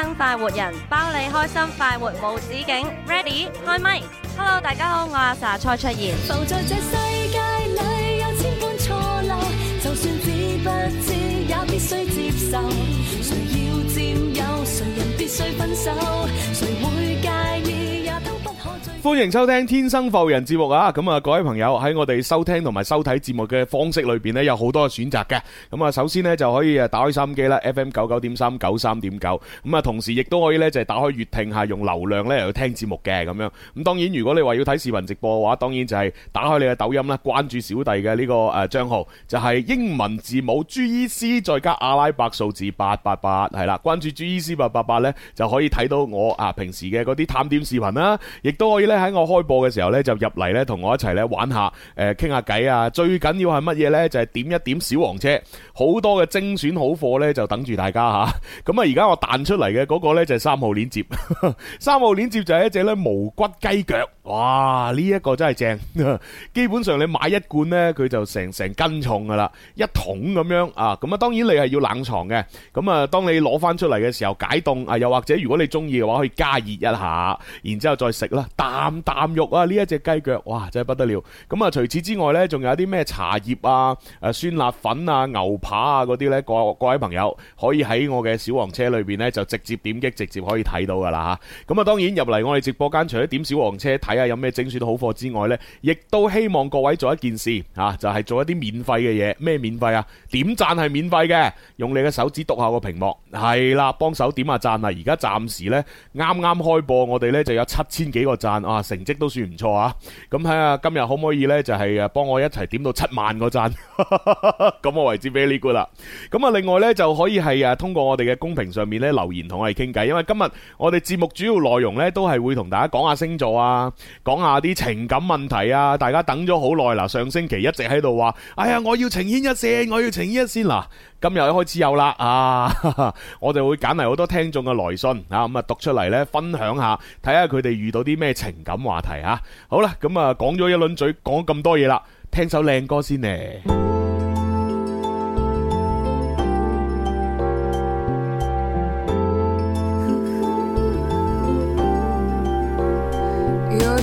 生快活人，包你開心快活無止境。Ready 開麥，Hello 大家好，我阿 Sa 蔡出現。 歡迎收聽《天生浮人》節目啊！咁啊，各位朋友喺我哋收聽同埋收睇節目嘅方式裏邊呢，有好多選擇嘅。咁啊，首先呢，就可以誒打開收音機啦，FM 九九點三九三點九。咁啊，同時亦都可以呢，就係打開粵聽下，用流量呢，嚟聽節目嘅咁樣。咁當然，如果你話要睇視頻直播嘅話，當然就係打開你嘅抖音啦，關注小弟嘅呢個誒賬號，就係、是、英文字母 GEC 再加阿拉伯數字八八八，係啦，關注 GEC 八八八呢，就可以睇到我啊平時嘅嗰啲探店視頻啦，亦都可以。咧喺我開播嘅時候呢，就入嚟呢，同我一齊呢玩下誒傾下偈啊，最緊要係乜嘢呢？就係點一點小黃車，好多嘅精選好貨呢，就等住大家吓。咁啊，而家我彈出嚟嘅嗰個呢，就係三號鏈接，三號鏈接就係一隻咧無骨雞腳。哇！呢一個真係正，基本上你買一罐呢，佢就成成斤重噶啦，一桶咁樣啊。咁啊，當然你係要冷藏嘅。咁啊，當你攞翻出嚟嘅時候解凍啊，又或者如果你中意嘅話，可以加熱一下，然之後再食啦。啖啖肉啊，呢一隻雞腳，哇，真係不得了。咁啊，除此之外呢，仲有啲咩茶葉啊、誒、啊、酸辣粉啊、牛扒啊嗰啲呢，各位各位朋友可以喺我嘅小黃車裏邊呢，就直接點擊，直接可以睇到噶啦嚇。咁啊，啊，當然入嚟我哋直播間，除咗點小黃車睇。啊、有咩整選好貨之外呢，亦都希望各位做一件事啊，就係、是、做一啲免費嘅嘢。咩免費啊？點讚係免費嘅，用你嘅手指篤下個屏幕係啦，幫手點下讚啊！而家暫時呢，啱啱開播我，我哋呢就有七千幾個讚啊，成績都算唔錯啊！咁睇下今日可唔可以呢，就係啊，幫我一齊點到七萬個讚，咁 我為之 very good 啦。咁啊，另外呢，就可以係啊，通過我哋嘅公屏上面呢留言同我哋傾偈，因為今日我哋節目主要內容呢，都係會同大家講下星座啊。講下啲情感問題啊！大家等咗好耐啦，上星期一直喺度話，哎呀，我要情牽一線，我要情牽一線。嗱，今日一開始有啦啊， 我哋會揀嚟好多聽眾嘅來信啊，咁、嗯、啊讀出嚟咧，分享下，睇下佢哋遇到啲咩情感話題啊。好啦，咁啊講咗一輪嘴，講咁多嘢啦，聽首靚歌先咧。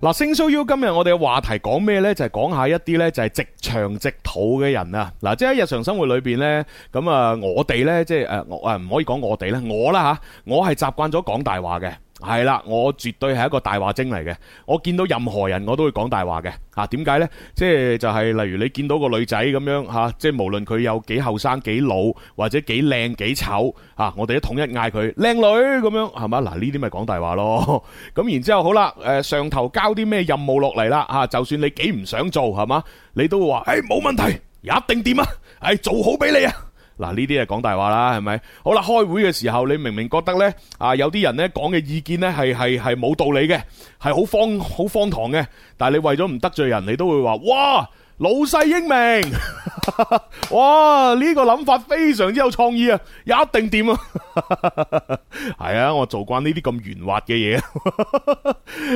嗱，星 show U 今日我哋嘅話題講咩呢？就係講下一啲呢，就係直腸直肚嘅人啊！嗱，即係喺日常生活裏邊呢，咁啊我哋呢，即係誒誒唔可以講我哋咧，我啦吓，我係習慣咗講大話嘅。係啦，我絕對係一個大話精嚟嘅。我見到任何人，我都會講大話嘅。啊，點解呢？即係就係、是、例如你見到個女仔咁樣吓、啊，即係無論佢有幾後生、幾老或者幾靚、幾醜、吓、啊、我哋都統一嗌佢靚女咁樣，係嘛？嗱呢啲咪講大話咯。咁 然之後好啦，誒上頭交啲咩任務落嚟啦？吓、啊，就算你幾唔想做，係嘛，你都話誒冇問題，一定掂啊！係、欸、做好俾你啊。嗱呢啲係講大話啦，係咪？好啦，開會嘅時候，你明明覺得呢，啊有啲人呢講嘅意見呢係係冇道理嘅，係好方好荒唐嘅，但係你為咗唔得罪人，你都會話，哇！老世英明， 哇！呢、呢個諗法非常之有創意啊，也一定掂啊。係啊，我做慣呢啲咁圓滑嘅嘢，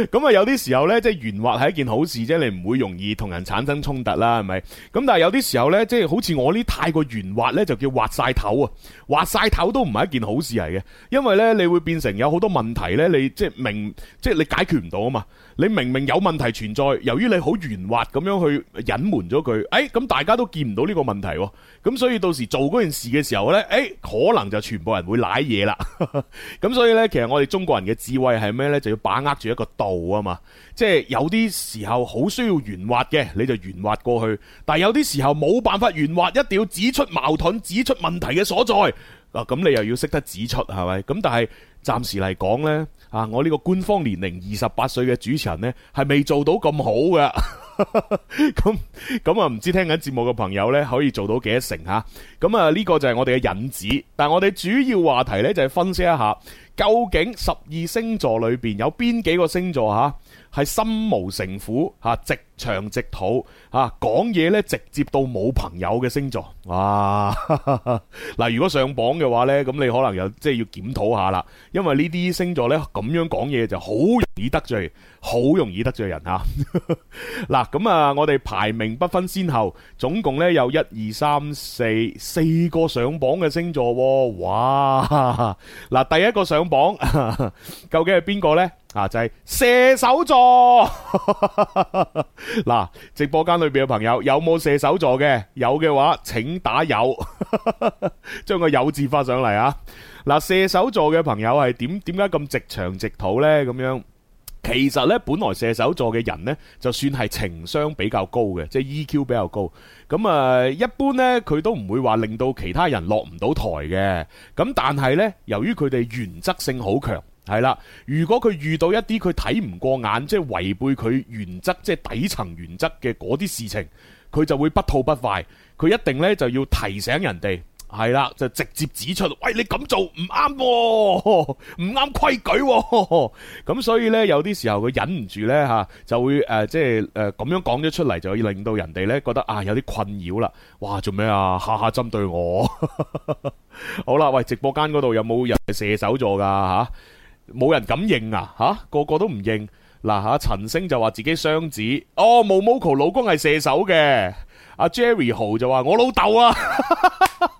咁 啊有啲時候呢，即係圓滑係一件好事啫，你唔會容易同人產生衝突啦，係咪？咁但係有啲時候呢，即係好似我呢太過圓滑呢，就叫滑晒頭啊，滑晒頭都唔係一件好事嚟嘅。因為呢，你會變成有好多問題呢，你即係明，即係你解決唔到啊嘛，你明明有問題存在，由於你好圓滑咁樣去隱。瞞咗佢，誒，咁大家都見唔到呢個問題喎，咁所以到時做嗰件事嘅時候呢，誒，可能就全部人會瀨嘢啦。咁 所以呢，其實我哋中國人嘅智慧係咩呢？就要把握住一個度啊嘛，即係有啲時候好需要圓滑嘅，你就圓滑過去；但係有啲時候冇辦法圓滑，一定要指出矛盾、指出問題嘅所在。嗱，咁你又要識得指出，係咪？咁但係暫時嚟講呢，啊，我呢個官方年齡二十八歲嘅主持人呢，係未做到咁好㗎。 咁咁啊，唔 知聽緊節目嘅朋友呢，可以做到幾多成吓？咁啊，呢個就係我哋嘅引子，但係我哋主要話題呢，就係分析一下，究竟十二星座裏邊有邊幾個星座吓？係心無城府，吓直腸直肚，吓講嘢咧直接到冇朋友嘅星座。哇！嗱， 如果上榜嘅話呢，咁你可能又即係要檢討下啦，因為呢啲星座呢，咁樣講嘢就好容易得罪，好容易得罪人吓。嗱，咁啊， 我哋排名不分先後，總共呢有一二三四四個上榜嘅星座。哇！嗱， 第一個上榜 究竟係邊個呢？啊，就係、是、射手座。嗱， 直播間裏邊嘅朋友有冇射手座嘅？有嘅話，請打有，將 個有字發上嚟啊！嗱、呃，射手座嘅朋友係點？點解咁直腸直肚呢？咁樣，其實呢，本來射手座嘅人呢，就算係情商比較高嘅，即、就、係、是、EQ 比較高，咁啊、呃，一般呢，佢都唔會話令到其他人落唔到台嘅。咁但係呢，由於佢哋原則性好強。係啦，如果佢遇到一啲佢睇唔過眼，即係違背佢原則，即係底層原則嘅嗰啲事情，佢就會不吐不快。佢一定呢就要提醒人哋，係啦，就直接指出，喂，你咁做唔啱，唔啱規矩，啊。咁所以呢，有啲時候佢忍唔住呢，吓、啊，就會誒、呃，即係誒咁樣講咗出嚟，就令到人哋呢覺得啊，有啲困擾啦。哇，做咩啊？下下針對我。 好啦，喂，直播間嗰度有冇人射手座噶吓？啊冇人敢認啊！吓、啊，個個都唔認。嗱、啊、吓，陳星就話自己雙子。哦，Momoko 老公係射手嘅。阿、啊、Jerry 豪就話我老豆啊，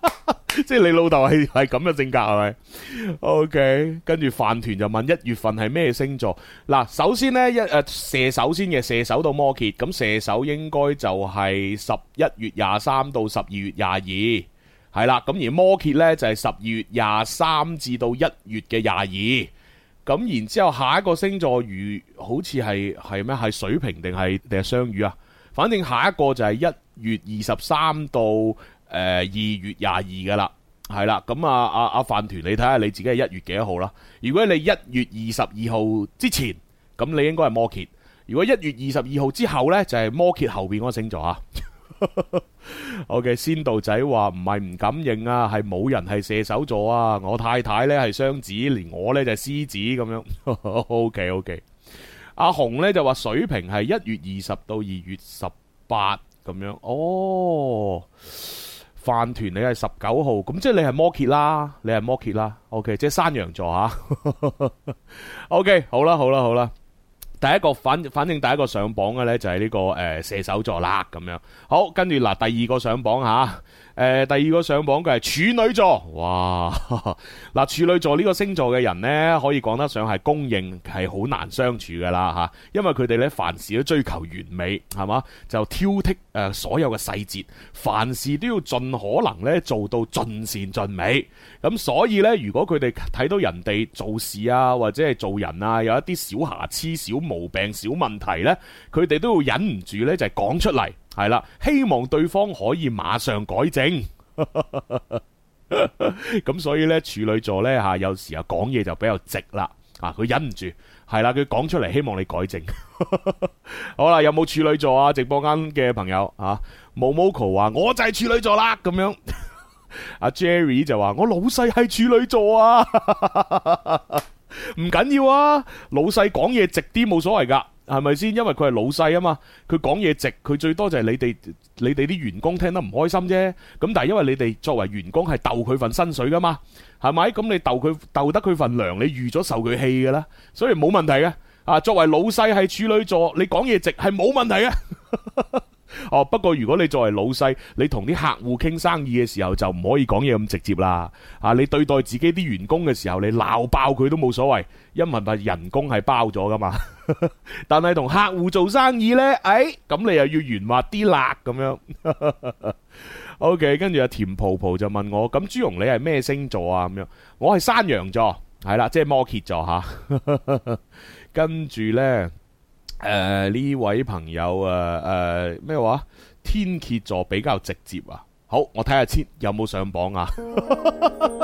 即係你老豆係係咁嘅性格係咪？OK，跟住飯團就問一月份係咩星座？嗱、啊，首先呢，一誒射手先嘅，射手到摩羯，咁射手應該就係十一月廿三到十二月廿二，係啦。咁而摩羯呢，就係十二月廿三至到一月嘅廿二。咁然之後，下一個星座如好似係係咩？係水瓶定係定係雙魚啊？反正下一個就係一月二十三到誒二月廿二噶啦，係啦。咁啊啊啊飯團，你睇下你自己係一月幾多號啦？如果你一月二十二號之前，咁你應該係摩羯；如果一月二十二號之後呢，就係摩羯後邊嗰個星座啊。OK，仙道仔話唔係唔敢認啊，係冇人係射手座啊。我太太呢係雙子，連我呢就係獅子咁樣。OK OK，阿紅呢就話水平係一月二十到二月十八咁樣。哦，飯團你係十九號，咁即係你係摩羯啦，你係摩羯啦。OK，即係山羊座吓、啊。 OK，好啦，好啦，好啦。第一個反，反正第一個上榜嘅呢就係呢個誒，射手座啦咁樣，好，跟住嗱，第二個上榜嚇。誒、呃，第二個上榜嘅係處女座，哇！嗱，處女座呢個星座嘅人呢，可以講得上係公認係好難相處噶啦吓，因為佢哋呢，凡事都追求完美，係嘛，就挑剔誒、呃、所有嘅細節，凡事都要盡可能呢做到盡善盡美。咁所以呢，如果佢哋睇到人哋做事啊，或者係做人啊，有一啲小瑕疵、小毛病、小問題呢，佢哋都會忍唔住呢，就係、是、講出嚟。係啦，希望對方可以馬上改正。咁 所以呢，處女座呢，吓、啊，有時候講嘢，就比較直啦。啊，佢忍唔住，係啦，佢講出嚟，希望你改正。 好啦，有冇處女座啊？直播間嘅朋友啊，Momo 話我就係處女座啦。咁樣，阿 Jerry 就話我老細係處女座啊。 唔緊要啊，老細講嘢直啲冇所謂噶，係咪先？因為佢係老細啊嘛，佢講嘢直，佢最多就係你哋你哋啲員工聽得唔開心啫。咁但係因為你哋作為員工係斗佢份薪水噶嘛，係咪？咁你斗佢斗得佢份糧，你預咗受佢氣噶啦，所以冇問題嘅。啊，作為老細係處女座，你講嘢直係冇問題嘅。 哦，不過如果你作為老細，你同啲客戶傾生意嘅時候就唔可以講嘢咁直接啦。啊，你對待自己啲員工嘅時候，你鬧爆佢都冇所謂，因為係人工係包咗噶嘛。 但係同客戶做生意呢，哎，咁你又要圓滑啲辣咁樣。 OK，跟住阿甜婆婆就問我，咁朱榮你係咩星座啊？咁樣，我係山羊座，係啦，即係摩羯座吓。跟 住呢。誒，呢、呃、位朋友誒誒咩話？天蠍座比較直接啊。好，我睇下先有冇上榜啊。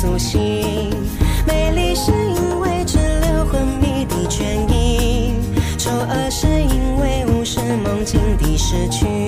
蘇醒，美麗是因為滯留昏迷的倦意，醜惡是因為無視夢境的失去。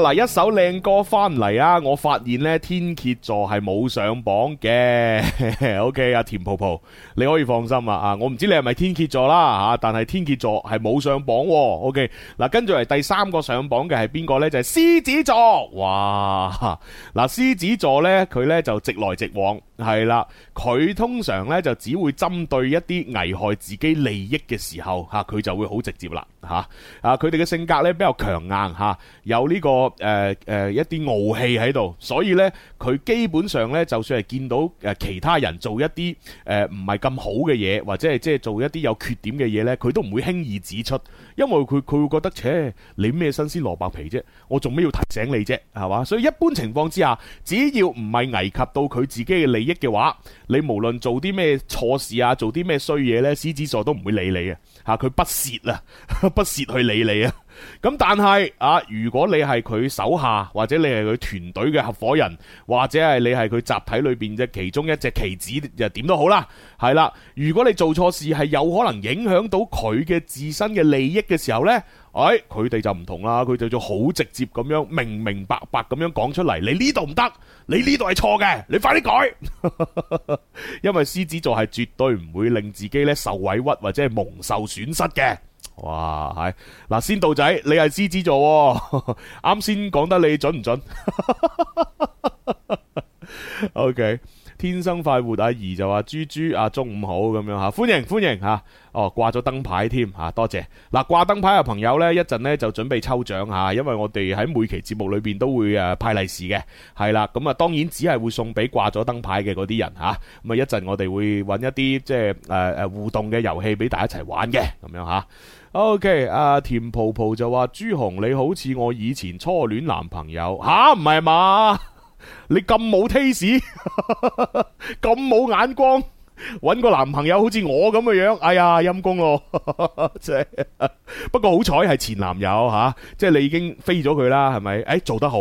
嗱，一首靚歌翻嚟啊！我發現呢天蠍座係冇上榜嘅。O K，啊，田婆婆，你可以放心啊！我唔知你係咪天蠍座啦吓，但係天蠍座係冇上榜。O K，嗱，跟住嚟第三個上榜嘅係邊個呢？就係獅子座。哇！嗱，獅子座呢，佢呢就直來直往。係啦，佢通常咧就只會針對一啲危害自己利益嘅時候吓，佢就會好直接啦吓。啊，佢哋嘅性格咧比較強硬吓、啊，有呢、這個誒誒、呃呃、一啲傲氣喺度，所以咧佢基本上咧就算係見到誒其他人做一啲誒唔係咁好嘅嘢，或者係即係做一啲有缺點嘅嘢咧，佢都唔會輕易指出，因為佢佢會覺得，切、呃、你咩新鮮蘿蔔皮啫，我做咩要提醒你啫，係嘛？所以一般情況之下，只要唔係危及到佢自己嘅利益。益嘅話，你無論做啲咩錯事啊，做啲咩衰嘢呢？獅子座都唔會理你嘅吓，佢不屑啊， 不屑去理你啊。咁 但係啊，如果你係佢手下，或者你係佢團隊嘅合夥人，或者係你係佢集體裏邊嘅其中一隻棋子又點都好啦，係啦。如果你做錯事係有可能影響到佢嘅自身嘅利益嘅時候呢。哎，佢哋就唔同啦，佢哋就好直接咁樣明明白白咁樣講出嚟，你呢度唔得，你呢度係錯嘅，你快啲改， 因為獅子座係絕對唔會令自己咧受委屈或者係蒙受損失嘅。哇，係、哎、嗱，先導仔，你係獅子座、哦，啱先講得你準唔準 ？OK。天生快活仔二就話豬豬啊，中午好咁樣吓，歡迎歡迎吓、啊，哦掛咗燈牌添吓、啊，多謝嗱掛燈牌嘅朋友呢一陣呢就準備抽獎吓、啊，因為我哋喺每期節目裏邊都會誒、啊、派利是嘅，係啦，咁啊當然只係會送俾掛咗燈牌嘅嗰啲人吓，咁啊，啊一陣我哋會揾一啲即係誒誒互動嘅遊戲俾大家一齊玩嘅，咁樣吓。O K，阿甜蒲蒲就話朱 紅，你好似我以前初戀男朋友吓，唔係嘛？你咁冇 taste，咁 冇眼光，揾個男朋友好似我咁嘅樣，哎呀陰公咯， 不過好彩係前男友吓、啊，即係你已經飛咗佢啦，係咪？誒、哎、做得好，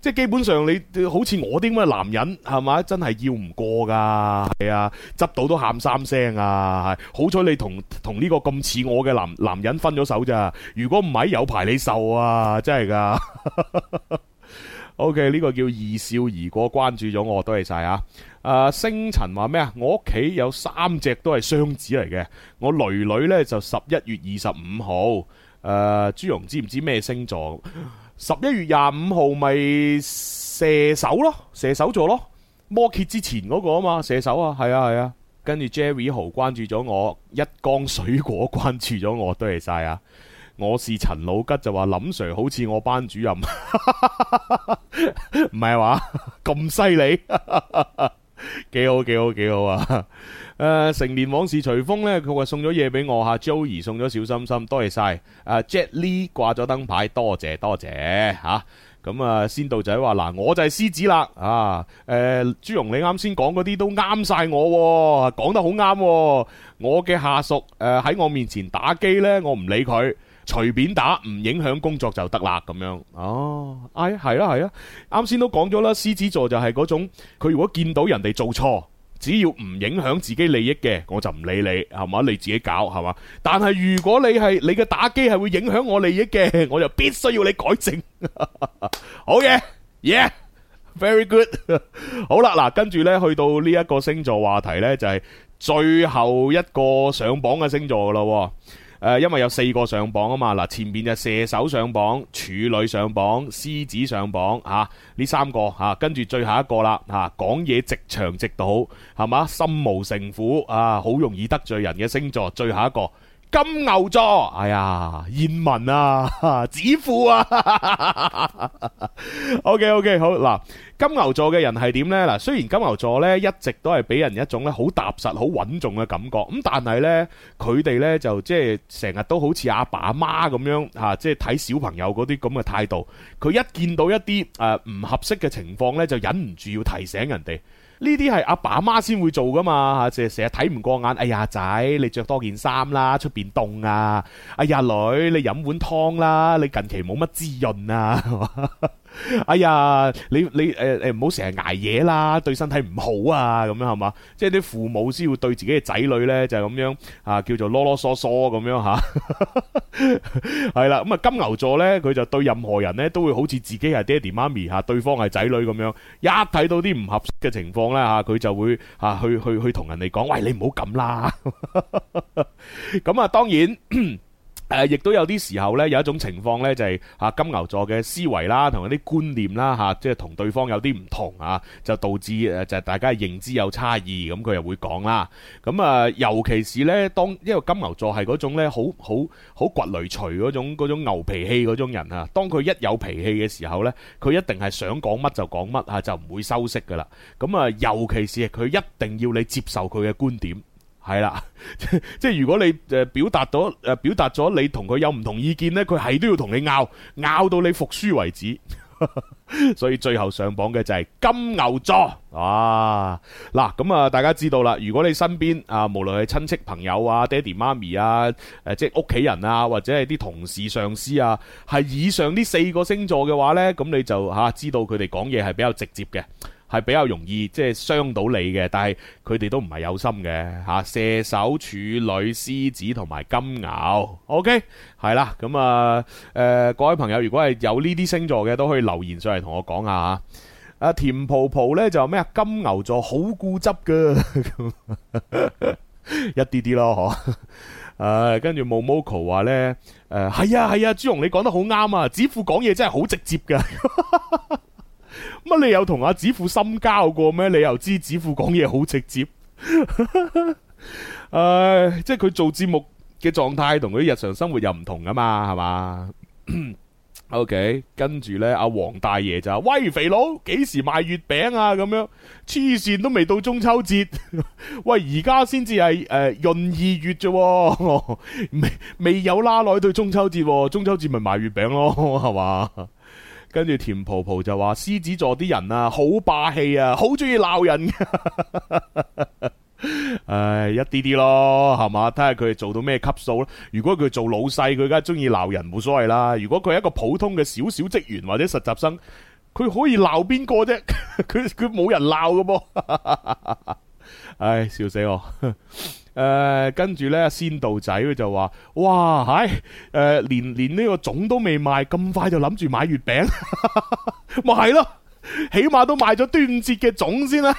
即係基本上你好似我啲咁嘅男人係咪？真係要唔過噶。係啊，執到都喊三聲啊，係、啊。好彩你同同呢個咁似我嘅男男人分咗手咋，如果唔係有排你受啊，真係噶。 O.K. 呢個叫二笑而過，關注咗我，多謝晒啊。誒、呃，星辰話咩啊？我屋企有三隻都係雙子嚟嘅，我女女呢就十一月二十五號。誒、呃，朱融知唔知咩星座？十一月廿五號咪射手咯，射手座咯。摩羯之前嗰個啊嘛，射手啊，係啊係啊，啊。跟住 Jerry 豪關注咗我，一江水果關注咗我，多謝晒啊！我是陳老吉就話林 sir 好似我班主任， 唔係嘛？咁犀利，幾好幾好幾好啊！誒、呃，成年往事隨風呢，佢話送咗嘢俾我吓，Joey 送咗小心心，多謝晒。阿、呃、Jet Lee 掛咗燈牌，多謝多謝吓。咁啊，先道仔話嗱，我就係獅子啦啊！誒、呃，朱蓉你啱先講嗰啲都啱晒我，講得好啱、啊。我嘅下屬誒喺我面前打機呢，我唔理佢。隨便打唔影響工作就得啦，咁樣哦，係啦係啊，啱先、啊、都講咗啦，獅子座就係嗰種，佢如果見到人哋做錯，只要唔影響自己利益嘅，我就唔理你，係嘛，你自己搞係嘛。但係如果你係你嘅打機係會影響我利益嘅，我就必須要你改正。好 嘢，oh，yeah，very yeah, good。 好啦，嗱，跟住呢去到呢一個星座話題呢，就係、是、最後一個上榜嘅星座啦。誒，因為有四個上榜啊嘛，嗱，前邊就射手上榜、處女上榜、獅子上榜吓，呢、啊、三個吓，跟、啊、住最後一個啦吓，講、啊、嘢直長直到，係嘛，心無城府啊，好容易得罪人嘅星座，最後一個。金牛座，哎呀，燕文啊，子富啊哈哈哈哈，OK OK，好嗱，金牛座嘅人係點呢？嗱，雖然金牛座呢一直都係俾人一種咧好踏實、好穩重嘅感覺，咁但係呢，佢哋呢就即係成日都好似阿爸阿媽咁樣吓、啊，即係睇小朋友嗰啲咁嘅態度，佢一見到一啲誒唔合適嘅情況呢，就忍唔住要提醒人哋。呢啲係阿爸阿媽先會做㗎嘛，成日睇唔過眼。哎呀仔，你着多件衫啦，出邊凍啊！哎呀女，你飲碗湯啦，你近期冇乜滋潤啊！ 哎呀，你你誒誒，唔好成日挨夜啦，對身體唔好啊，咁樣係嘛，即係啲父母先會對自己嘅仔女呢，就係、是、咁樣啊，叫做囉囉嗦嗦咁樣吓，係、啊、啦，咁 啊金牛座呢，佢就對任何人呢，都會好似自己係爹哋媽咪吓，對方係仔女咁樣，一睇到啲唔合適嘅情況咧吓，佢、啊、就會吓、啊、去去去同人哋講， 喂，你唔好咁啦，咁啊，啊，當然。 誒，亦都有啲時候咧，有一種情況咧，就係嚇金牛座嘅思維啦，同一啲觀念啦，嚇即係同對方有啲唔同啊，就導致誒就係大家認知有差異，咁佢又會講啦。咁啊，尤其是咧，當一個金牛座係嗰種咧，好好好掘雷除嗰種牛脾氣嗰種人啊，當佢一有脾氣嘅時候咧，佢一定係想講乜就講乜啊，就唔會收息噶啦。咁啊，尤其是佢一定要你接受佢嘅觀點。係啦，即係如果你誒表達到誒表達咗你同佢有唔同意見呢，佢係都要同你拗，拗到你服輸為止。 所以最後上榜嘅就係金牛座。哇，嗱咁啊，大家知道啦。如果你身邊啊，無論係親戚朋友啊、爹哋媽咪啊、誒即係屋企人啊，或者係啲同事上司啊，係以上呢四個星座嘅話呢，咁你就吓知道佢哋講嘢係比較直接嘅。係比較容易即係傷到你嘅，但係佢哋都唔係有心嘅吓、啊。射手、處女、獅子同埋金牛，OK，係啦。咁、嗯、啊，誒、呃，各位朋友，如果係有呢啲星座嘅，都可以留言上嚟同我講下啊，阿田蒲蒲呢就咩啊？金牛座好固執噶， 一啲啲咯，嗬。誒，跟住 MoMoCo 話咧，誒，係啊係啊，朱蓉你講得好啱啊，子富講嘢真係好直接噶。 乜你有同阿子富深交過咩？你又知子富講嘢好直接，誒、 呃，即係佢做節目嘅狀態同佢日常生活又唔同噶嘛？係嘛 ？OK，跟住呢阿黃大爺就，喂，肥佬，幾時賣月餅啊？咁樣，黐線，都未到中秋節， 喂，而家先至係誒閏二月啫，啊， 未未有啦，耐對中秋節，啊，中秋節咪賣月餅咯，係嘛？跟住甜婆婆就話獅子座啲人啊，好霸氣啊，好中意鬧人。 唉，一啲啲咯，係嘛？睇下佢做到咩級數啦。如果佢做老細，佢梗係中意鬧人冇所謂啦。如果佢係一個普通嘅小小職員或者實習生，佢可以鬧邊個啫？佢佢冇人鬧嘅噃。 唉，笑死我！ 誒，跟住、呃、呢，仙道仔佢就話：哇，唉、哎、誒、呃，連連呢個粽都未賣，咁快就諗住買月餅，咪係咯？起碼都買咗端午節嘅粽先啦，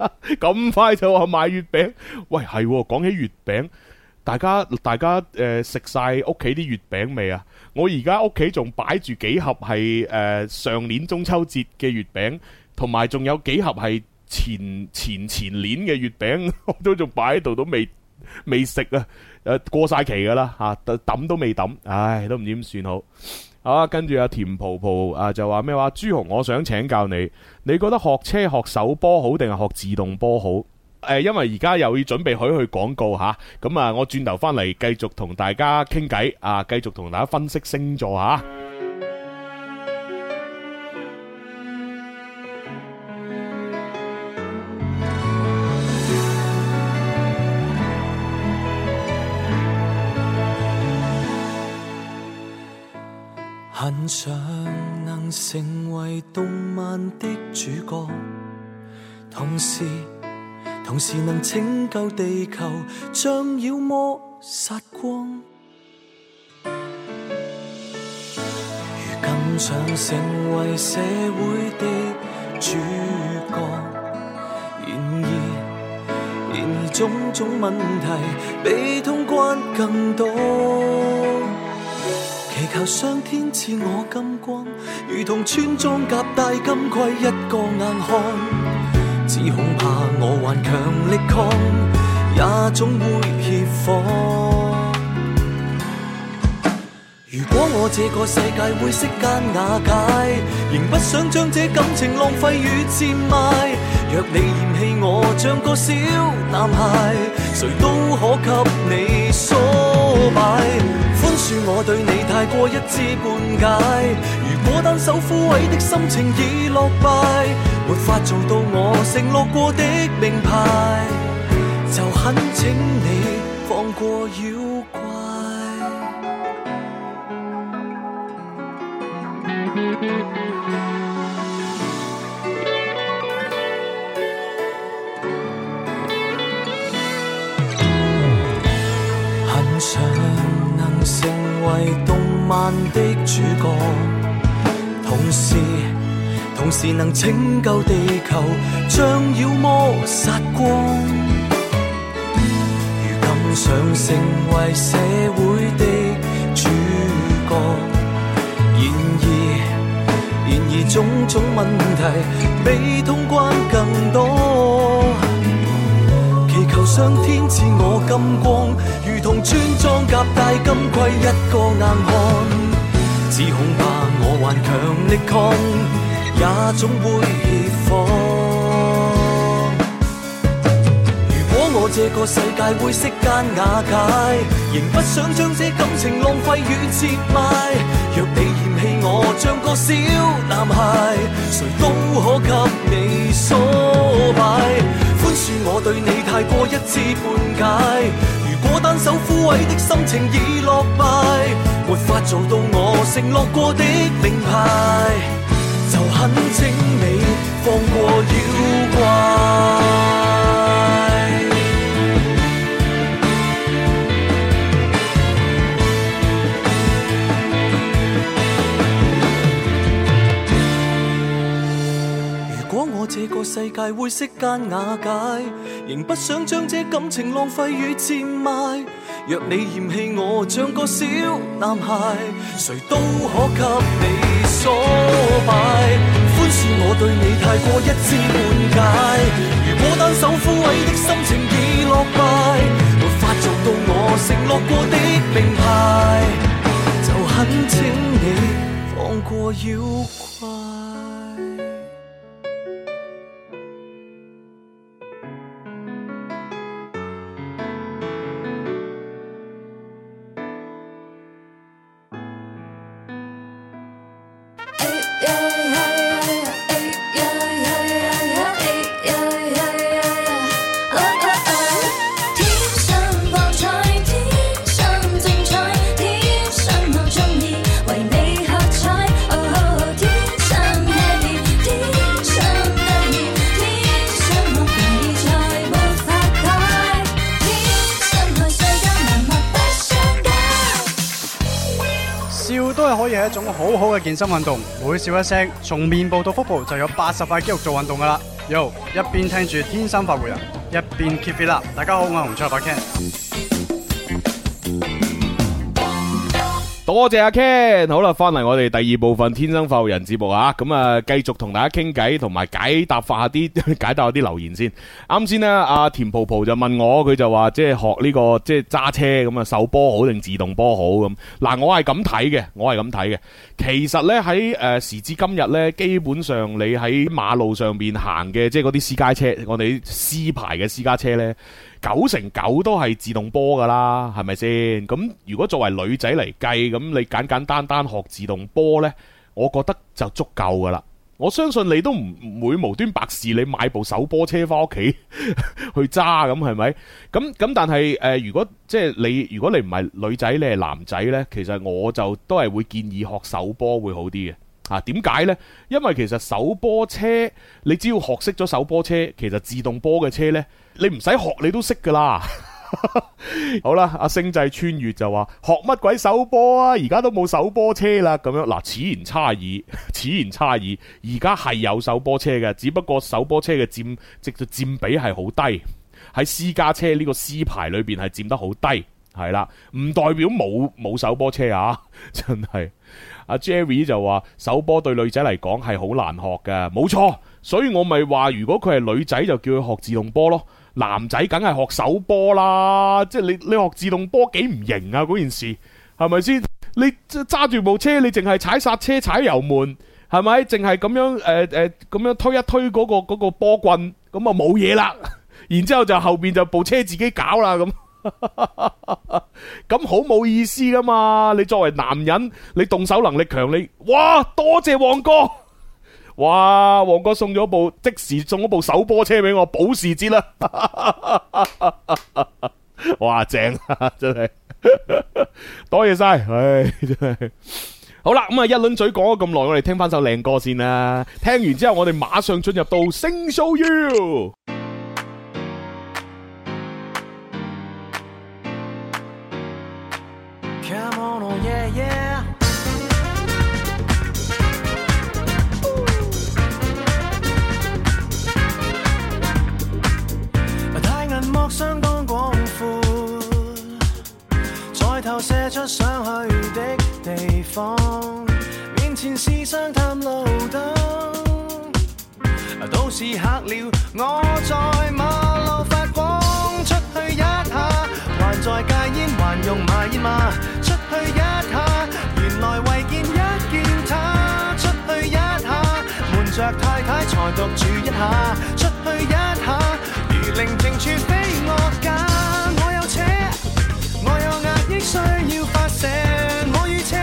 啊，咁 快就話買月餅？喂，係、哦，講起月餅，大家大家誒食晒屋企啲月餅未啊？我而家屋企仲擺住幾盒係誒、呃、上年中秋節嘅月餅，同埋仲有幾盒係。前前前年嘅月餅我都仲擺喺度，都未未食啊！誒過晒期㗎啦嚇，抌都未抌，唉都唔知點算好啊！跟住阿田婆婆啊就話咩話？朱紅，我想請教你，你覺得學車學手波好定係學自動波好？誒、啊，因為而家又要準備去去廣告吓，咁啊，啊，我轉頭翻嚟繼續同大家傾偈啊，繼續同大家分析星座吓！啊。很想能成為動漫的主角，同時同時能拯救地球，將妖魔殺光。如今想成為社會的主角，然而然而種種問題比通關更多。祈求上天賜我金光，如同穿裝夾帶金盔一個硬漢，只恐怕我還強力抗，也總會怯火。 如果我這個世界會瞬間瓦解，仍不想將這感情浪費與賤賣。若你嫌棄我像個小男孩，誰都可給你梳擺。恕我對你太過一知半解。如果單手枯萎的心情已落敗，沒法做到我承諾過的名牌，就懇請你放過妖怪。 成為動漫的主角，同時同時能拯救地球，將妖魔殺光。如今想成為社會的主角，然而然而種種問題比通關更多。上天賜我金光，如同穿裝夾帶金盔。一個硬漢，只恐怕我頑強力抗，也總會怯慌。如果我這個世界會瞬間瓦解，仍不想將這感情浪費與折賣。若你嫌棄我像個小男孩，誰都可給你梳擺。算我對你太過一知半解。如果單手枯萎的心情已落敗，沒法做到我承諾過的名牌，就懇請你放過妖怪。會識界灰色間瓦解，仍不想將這感情浪費與賤賣。若你嫌棄我像個小男孩，誰都可給你所擺。寬恕我對你太過一知半解。如果單手枯萎的心情已落敗，無法做到我承諾過的名牌，就懇請你放過妖怪。天生運動，每笑一聲，從面部到腹部就有八十塊肌肉做運動噶啦。Yo，一邊聽住天生發福人，一邊 keep it up。大家好，我係吳卓柏 Ken。多謝阿、啊、Ken，好啦，翻嚟，我哋第二部分天生廢育人節目啊，咁啊，繼續同大家傾偈，同埋解答下啲解答一下啲留言先。啱先咧，阿、啊、田婆婆就問我，佢就話即係學呢、這個即係揸車咁啊，手波好定自動波好咁？嗱，我係咁睇嘅，我係咁睇嘅。其實咧喺誒時至今日咧，基本上你喺馬路上邊行嘅即係嗰啲私家車，我哋私牌嘅私家車咧。九成九都係自動波噶啦，係咪先？咁如果作為女仔嚟計，咁你簡簡單單學自動波呢，我覺得就足夠噶啦。我相信你都唔會無端白事，你買部手波車返屋企去揸咁，係咪？咁咁但係誒、呃，如果即係你，如果你唔係女仔，你係男仔呢，其實我就都係會建議學手波會好啲嘅。啊，點解呢？因為其實手波車，你只要學識咗手波車，其實自動波嘅車呢。你唔使學，你都識噶啦。好啦，阿星際穿越就話學乜鬼手波啊？而家都冇手波車啦。咁樣嗱，此言差矣，此言差矣。而家係有手波車嘅，只不過手波車嘅佔，值係佔比係好低，喺私家車呢個私牌裏邊係佔得好低。係啦，唔代表冇冇手波車啊！真係。阿 Jerry 就話手波對女仔嚟講係好難學噶，冇錯。所以我咪話，如果佢係女仔，就叫佢學自動波咯。男仔梗係學手波啦，即係你你學自動波幾唔型啊？嗰件事係咪先？你揸住部車，你淨係踩剎車踩油門，係咪？淨係咁樣誒誒咁樣推一推嗰個嗰個波棍，咁啊冇嘢啦。然之後就後邊就部車自己搞啦，咁咁好冇意思噶嘛？你作為男人，你動手能力強，你哇多謝旺哥。哇！王哥送咗部即時送咗部首波車俾我，保時捷啦！ 哇，正、啊、真係 多謝晒，唉、哎，真係 好啦。咁、嗯、啊，一輪嘴講咗咁耐，我哋聽翻首靚歌先啦。聽完之後，我哋馬上進入到《Sing Show You》。我寫出想去的地方，面前是雙探路燈。都市黑了，我在馬路發光。出去一下，還在戒煙，還用買煙嗎？出去一下，原來為見一見他。出去一下，瞞着太太才獨住一下。出去一下，如寧靜處非我家。需要發射，我與車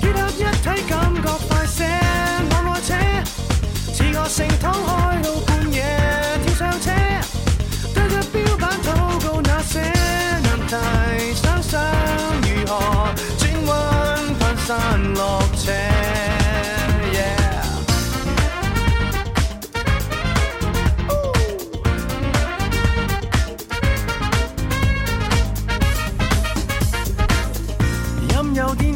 結合一體，感覺快些。我愛車，自我成癮開到半夜，跳上車，對着標板禱告那些問題。想想如何轉彎分散落斜。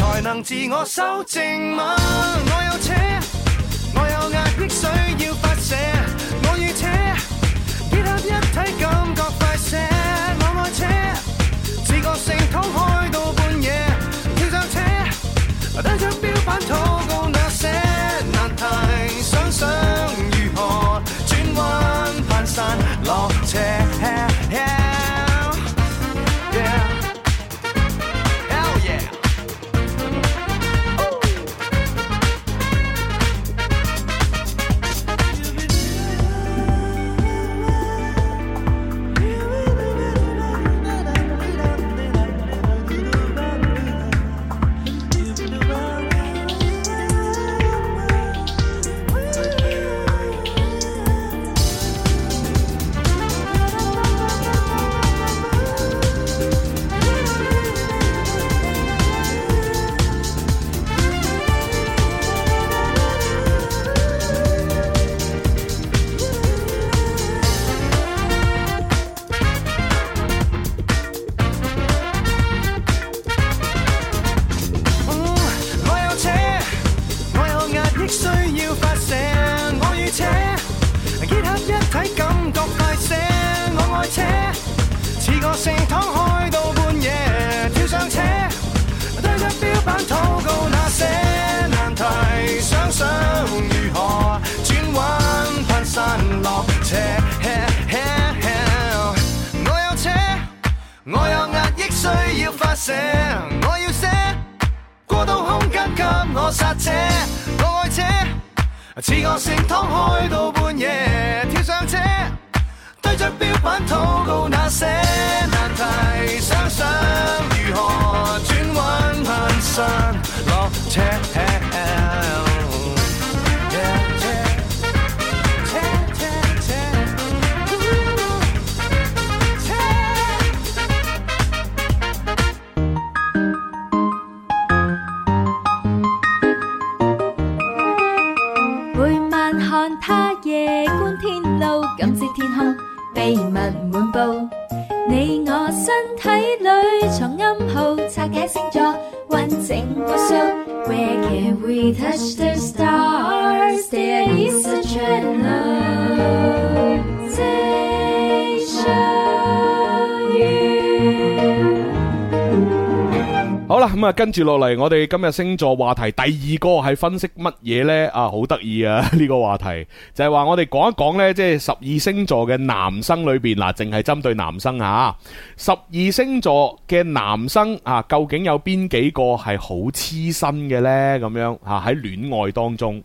才能自我修正嘛。我有車，我有壓抑需要發泄。我與車結合一體，感覺快些。我愛車，自覺性通開到半夜。跳上車，對著標板討過那些難題，想想如何轉彎、攀山、落斜。跟住落嚟，啊、我哋今日星座話題第二個係分析乜嘢呢？啊，好得意啊！呢、這個話題就係、是、話我哋講一講呢，即係十二星座嘅男生裏邊，嗱、啊，淨係針對男生啊。十二星座嘅男生啊，究竟有邊幾個係好黐身嘅呢？咁樣吓喺戀愛當中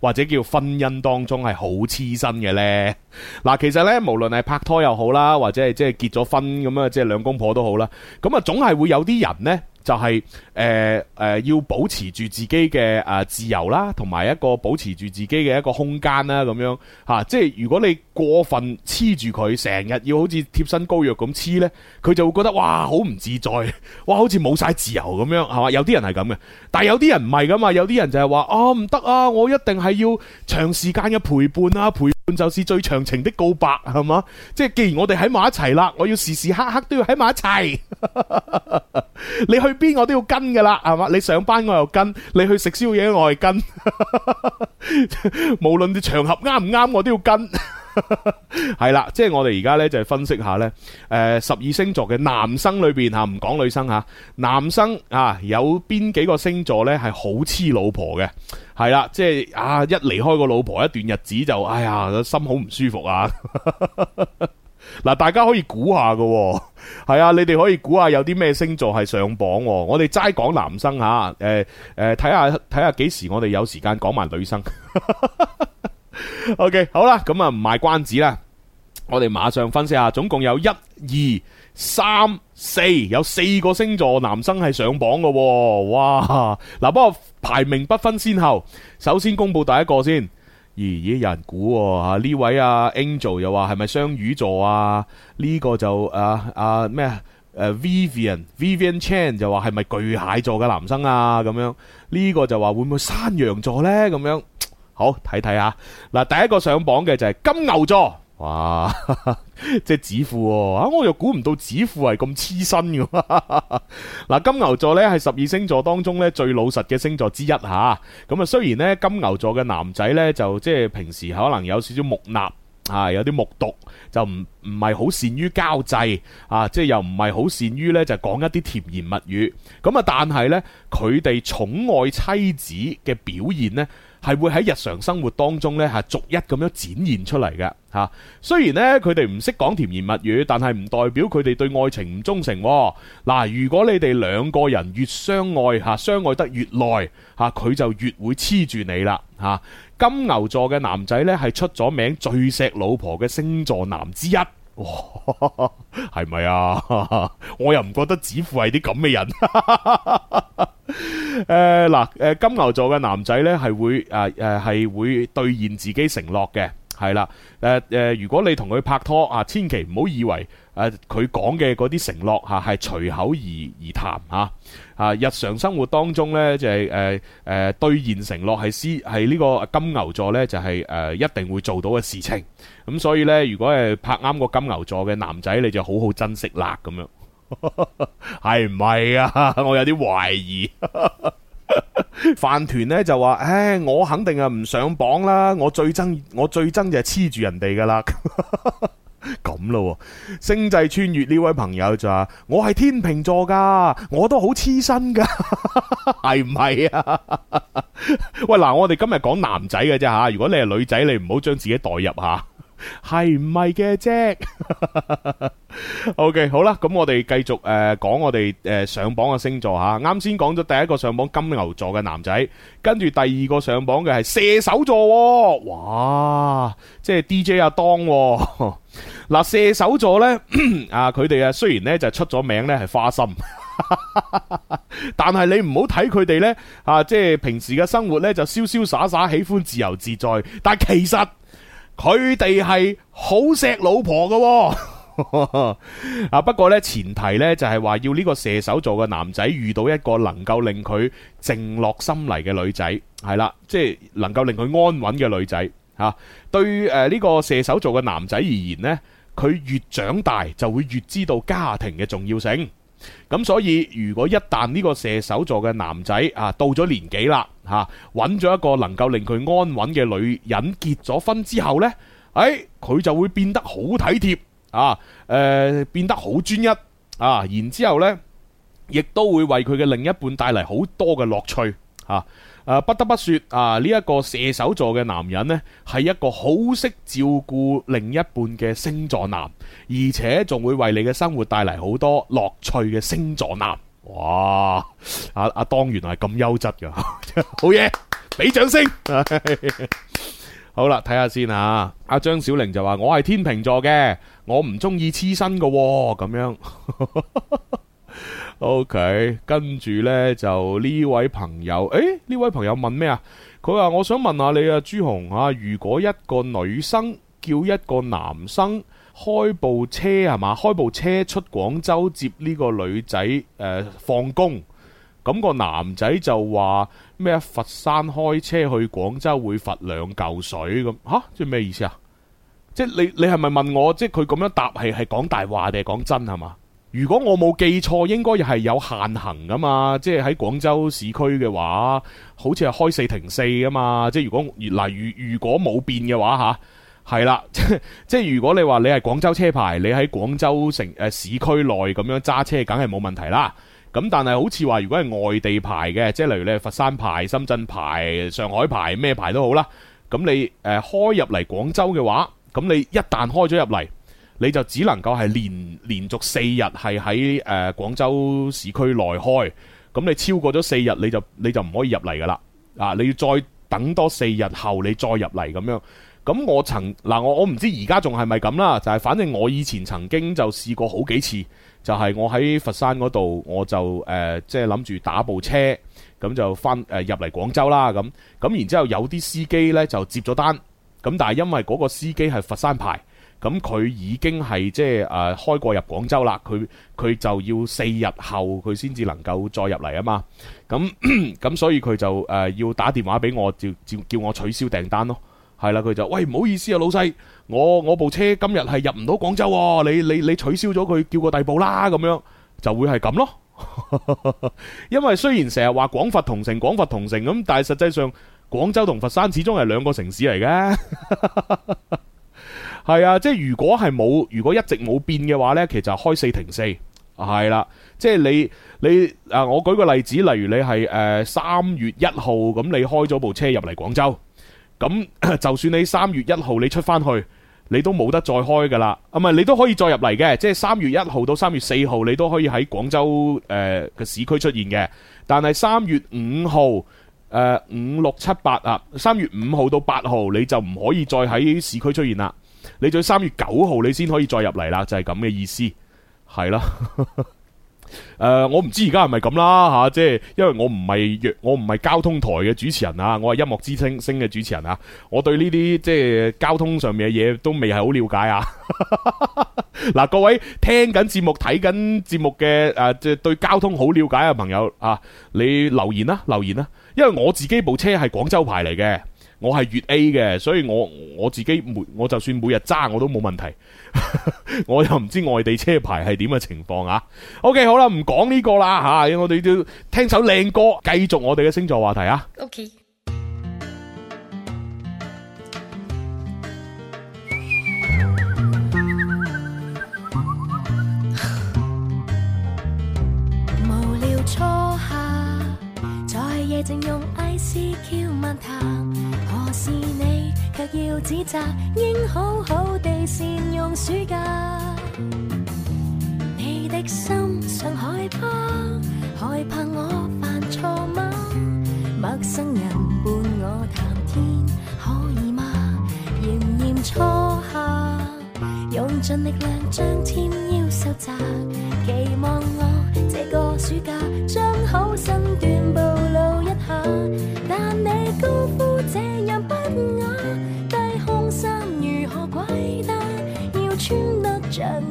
或者叫婚姻當中係好黐身嘅呢？嗱、啊，其實呢，無論係拍拖又好啦，或者係即係結咗婚咁樣，即係兩公婆都好啦，咁啊，總係會有啲人呢。就係誒誒要保持住自己嘅誒、呃、自由啦，同埋一個保持住自己嘅一個空間啦，咁樣嚇、啊。即係如果你過分黐住佢，成日要好似貼身膏藥咁黐呢，佢就會覺得哇，好唔自在，哇好似冇晒自由咁樣，係嘛？有啲人係咁嘅，但係有啲人唔係噶嘛，有啲人就係話啊，唔得啊，我一定係要長時間嘅陪伴啊陪。就是最長情的告白，係嘛？即係既然我哋喺埋一齊啦，我要時時刻刻都要喺埋一齊。 你去邊我都要跟噶啦，係嘛？你上班我又跟，你去食宵夜我又跟， 無論啲場合啱唔啱我都要跟。 係啦， 即係我哋而家呢，就係分析下呢，誒十二星座嘅男生裏邊吓，唔講女生吓，男生啊有邊幾個星座呢？係好黐老婆嘅？係啦，即係啊一離開個老婆一段日子就，哎呀心好唔舒服啊！嗱， 大家可以估下㗎，哦，係啊，你哋可以估下有啲咩星座係上榜，哦。我哋齋講男生吓，誒、啊、誒，睇下睇下幾時我哋有時間講埋女生。 OK，好啦，咁啊唔賣關子啦，我哋馬上分析下，總共有一二三四，有四個星座男生係上榜嘅，哇！嗱，不過排名不分先後，首先公布第一個先，咦咦，有人估啊呢位啊 Angel 又話係咪雙魚座啊？呢個就啊啊咩啊？誒，Vivian Vivian Chan 就話係咪巨蟹座嘅男生啊？咁樣呢個就話會唔會山羊座呢？咁樣。好睇睇吓，嗱，第一個上榜嘅就係金牛座，哇，哈哈即係子父，啊我又估唔到子父係咁黐身嘅。嗱、啊、金牛座呢係十二星座當中咧最老實嘅星座之一吓，咁啊雖然呢，金牛座嘅男仔呢，就即係平時可能有少少木訥，啊，有啲木毒，就唔唔係好善於交際啊，即係又唔係好善於呢，就講一啲甜言蜜語，咁啊但係呢，佢哋寵愛妻子嘅表現呢，係會喺日常生活當中咧，係逐一咁樣展現出嚟嘅吓。雖然呢，佢哋唔識講甜言蜜語，但係唔代表佢哋對愛情唔忠誠。嗱，如果你哋兩個人越相愛，吓相愛得越耐，吓佢就越會黐住你啦。吓金牛座嘅男仔呢，係出咗名最錫老婆嘅星座男之一。哇，係咪啊？ 我又唔覺得子父係啲咁嘅人、 呃。誒，嗱，誒，金牛座嘅男仔呢係會誒誒係會兌現自己承諾嘅，係啦。誒、呃、誒、呃，如果你同佢拍拖啊，千祈唔好以為誒佢講嘅嗰啲承諾吓係隨口而而談啊。啊！日常生活當中呢，就係誒誒兌現承諾係黐係呢個金牛座呢，就係誒一定會做到嘅事情。咁所以呢，如果係拍啱個金牛座嘅男仔，你就好好珍惜啦。咁樣係唔係啊？我有啲懷疑。 飯團呢，就話，唉，我肯定係唔上榜啦。我最憎，我最憎就係黐住人哋噶啦。 咁咯，星際穿越呢位朋友就話，我係天秤座噶，我都好黐身噶，係唔係啊？ 喂，嗱，我哋今日講男仔嘅啫吓，如果你係女仔，你唔好將自己代入下。係唔係嘅啫？OK，好啦，咁我哋繼續誒講、uh, 我哋誒、uh, 上榜嘅星座吓。啱先講咗第一個上榜金牛座嘅男仔，跟住第二個上榜嘅係射手座喎。哇，即係、啊、DJ 阿當嗱，射手座呢， 啊，佢哋啊雖然呢就是、出咗名呢係花心， 但係你唔好睇佢哋呢，啊，即係平時嘅生活呢就瀟瀟灑灑，喜歡自由自在，但其實，佢哋係好錫老婆嘅，啊！不過咧，前提呢，就係話要呢個射手座嘅男仔遇到一個能夠令佢靜落心嚟嘅女仔，係啦，即係能夠令佢安穩嘅女仔吓。對誒呢個射手座嘅男仔而言呢，佢越長大就會越知道家庭嘅重要性。咁所以如果一旦呢個射手座嘅男仔啊，到咗年紀啦吓，揾、啊、咗一個能夠令佢安穩嘅女人結咗婚之後呢，誒、哎、佢就會變得好體貼啊，誒、呃、變得好專一啊，然之後呢亦都會為佢嘅另一半帶嚟好多嘅樂趣啊。啊，不得不說啊，呢、這、一個射手座嘅男人呢，係一個好識照顧另一半嘅星座男，而且仲會為你嘅生活帶嚟好多樂趣嘅星座男。哇，阿、啊、阿、啊、當原來係咁優質噶， 好嘢，俾掌聲。 好啦，睇下先吓、啊，阿張小玲就話我係天秤座嘅，我唔中意黐身噶、哦，咁樣。 OK，跟住呢，就呢位朋友，誒、欸、呢位朋友問咩啊？佢話我想問下你啊，朱紅啊，如果一個女生叫一個男生開部車係嘛，開部車出廣州接呢個女仔誒、呃、放工，咁、個男仔就話咩？佛山開車去廣州會罰兩嚿水咁，吓即係咩意思啊？即係你你係咪問我？即係佢咁樣答係係講大話定係講真係嘛？如果我冇記錯，應該係有限行噶嘛，即係喺廣州市區嘅話，好似係開四停四噶嘛。即係如果，例如如果冇變嘅話吓，係、啊、啦， 即係如果你話你係廣州車牌，你喺廣州城誒、呃、市區內咁樣揸車，梗係冇問題啦。咁但係好似話，如果係外地牌嘅，即係例如你係佛山牌、深圳牌、上海牌咩牌都好啦，咁你誒、呃、開入嚟廣州嘅話，咁你一旦開咗入嚟。你就只能夠係連連續四日係喺誒廣州市區內開，咁你超過咗四日，你就你就唔可以入嚟噶啦，啊，你要再等多四日後你再入嚟咁樣。咁我曾嗱、啊、我我唔知而家仲係咪咁啦，就係、是、反正我以前曾經就試過好幾次，就係、是、我喺佛山嗰度我就誒即係諗住打部車，咁就翻誒入嚟廣州啦，咁咁然之後有啲司機呢，就接咗單，咁但係因為嗰個司機係佛山牌。咁佢已經係即係誒開過入廣州啦，佢佢就要四日後佢先至能夠再入嚟啊嘛。咁咁所以佢就誒要打電話俾我，叫叫叫我取消訂單咯。係啦，佢就，喂，唔好意思啊，老細，我我部車今日係入唔到廣州喎。你你你取消咗佢，叫個第二部啦咁樣就會係咁咯。因為雖然成日話廣佛同城、廣佛同城咁，但係實際上廣州同佛山始終係兩個城市嚟嘅。係啊，即係如果係冇，如果一直冇變嘅話呢，其實就開四停四係啦。即係你你誒、啊，我舉個例子，例如你係誒三月一號咁，你開咗部車入嚟廣州咁，就算你三月一號你出翻去，你都冇得再開噶啦。咁、啊、咪你都可以再入嚟嘅，即係三月一號到三月四號，你都可以喺廣州誒嘅、呃、市區出現嘅。但係三月五號誒五六七八啊，三、呃、月五號到八號你就唔可以再喺市區出現啦。你再三月九號你先可以再入嚟啦，就係咁嘅意思，係啦。誒、 呃，我唔知而家係咪咁啦吓，即、啊、係、就是、因為我唔係我唔係交通台嘅主持人啊，我係音樂之聲聲嘅主持人啊，我對呢啲即係交通上面嘅嘢都未係好了解啊。嗱、 啊，各位聽緊節目睇緊節目嘅誒，即、啊、係、就是、對交通好了解嘅朋友啊，你留言啦留言啦，因為我自己部車係廣州牌嚟嘅。我係粵 A 嘅，所以我我自己每我就算每日揸我都冇問題， 我又唔知外地車牌係點嘅情況啊。OK，好啦，唔講呢個啦吓、啊，我哋都聽首靚歌，繼續我哋嘅星座話題啊。OK。無聊初夏，在夜靜用 I C Q 問他。是你，卻要指責，應好好地善用暑假。你的心常害怕，害怕我犯錯嗎？陌生人伴我談天，可以嗎？炎炎初夏，用盡力量將天腰收窄，期望我這個暑假將好身段暴露一下，但你。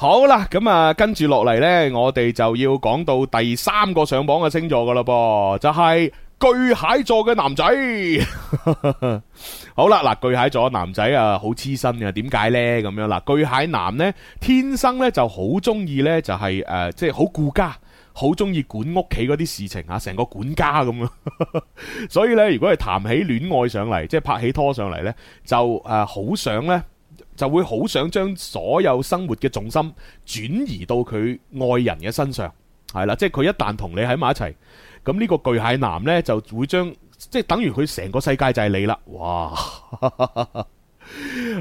好啦，咁啊，跟住落嚟呢，我哋就要講到第三個上榜嘅星座噶啦，噃就係巨蟹座嘅男仔。 好啦，嗱，巨蟹座男仔啊，好黐身嘅，點解呢？咁樣嗱，巨蟹男呢，天生呢就好中意呢，就係誒，即係好顧家，好中意管屋企嗰啲事情啊，成個管家咁啊。所以呢，如果係談起戀愛上嚟，即係拍起拖上嚟呢，就誒，好想呢。就會好想將所有生活嘅重心轉移到佢愛人嘅身上，係啦，即係佢一旦同你喺埋一齊，咁呢個巨蟹男呢，就會將即係等於佢成個世界就係你啦，哇！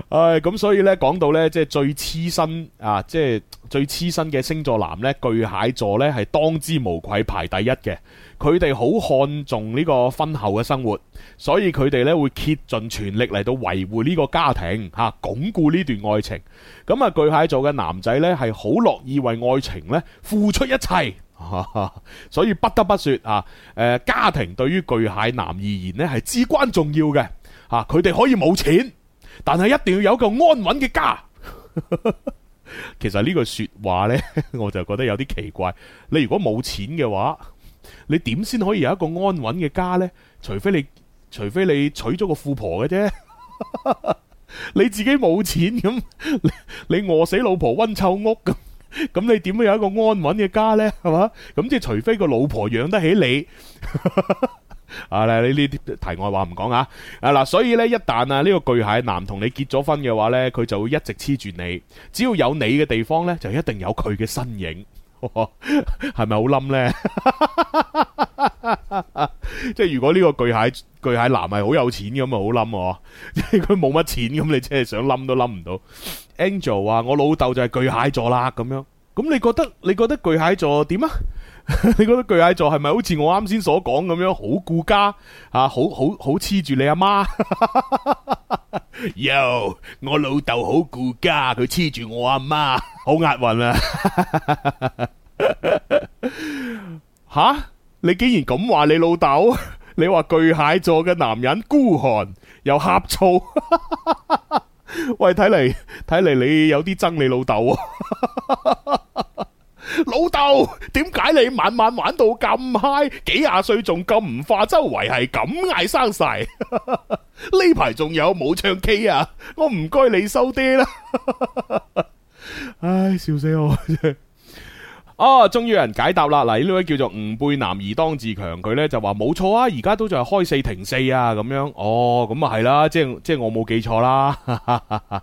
唉，咁、哎、所以咧，講到咧，即係最黐身啊，即係最黐身嘅星座男咧，巨蟹座咧係當之無愧排第一嘅。佢哋好看重呢個婚後嘅生活，所以佢哋咧會竭盡全力嚟到維護呢個家庭吓，啊、鞏固呢段愛情。咁啊，巨蟹座嘅男仔咧係好樂意為愛情咧付出一切，啊，所以不得不說啊，誒，家庭對於巨蟹男而言咧係至關重要嘅。吓、啊，佢哋可以冇錢。但係一定要有一個安穩嘅家， 其實呢句說話呢，我就覺得有啲奇怪。你如果冇錢嘅話，你點先可以有一個安穩嘅家呢？除非你，除非你娶咗個富婆嘅啫。 你自己冇錢咁，你餓死老婆溫臭屋咁，咁你點樣有一個安穩嘅家呢？係嘛？咁即係除非個老婆養得起你。 啊！嗱，呢呢啲題外話唔講吓。啊嗱，所以咧，一旦啊呢個巨蟹男同你結咗婚嘅話咧，佢就會一直黐住你。只要有你嘅地方咧，就一定有佢嘅身影。係咪好冧咧？ 是是呢 即係如果呢個巨蟹巨蟹男係好有錢咁啊，好冧哦。即係佢冇乜錢咁，你真係想冧都冧唔到。Angel 啊，我老豆就係巨蟹座啦，咁樣。咁你覺得你覺得巨蟹座點啊？你覺得巨蟹座係咪 好似我啱先所講咁樣好顧家， Yo，顧家啊？好好好黐住你阿媽又我老豆好顧家，佢黐住我阿媽，好壓暈啊！吓，你竟然咁話你老豆？ 你話巨蟹座嘅男人孤寒又呷醋。 喂，睇嚟睇嚟，你有啲憎你老豆啊！老豆，點解你晚晚玩到咁嗨，幾廿歲仲咁唔化，周圍係咁嗌生晒？呢排仲有冇唱 K 啊？我唔該你收爹啦！唉，笑死我！啊！終於、哦、有人解答啦。嗱，呢位叫做吳貝男兒當自強，佢呢就話冇錯啊，而家都仲係開四停四啊咁樣。哦，咁啊係啦，即係即係我冇記錯啦。誒、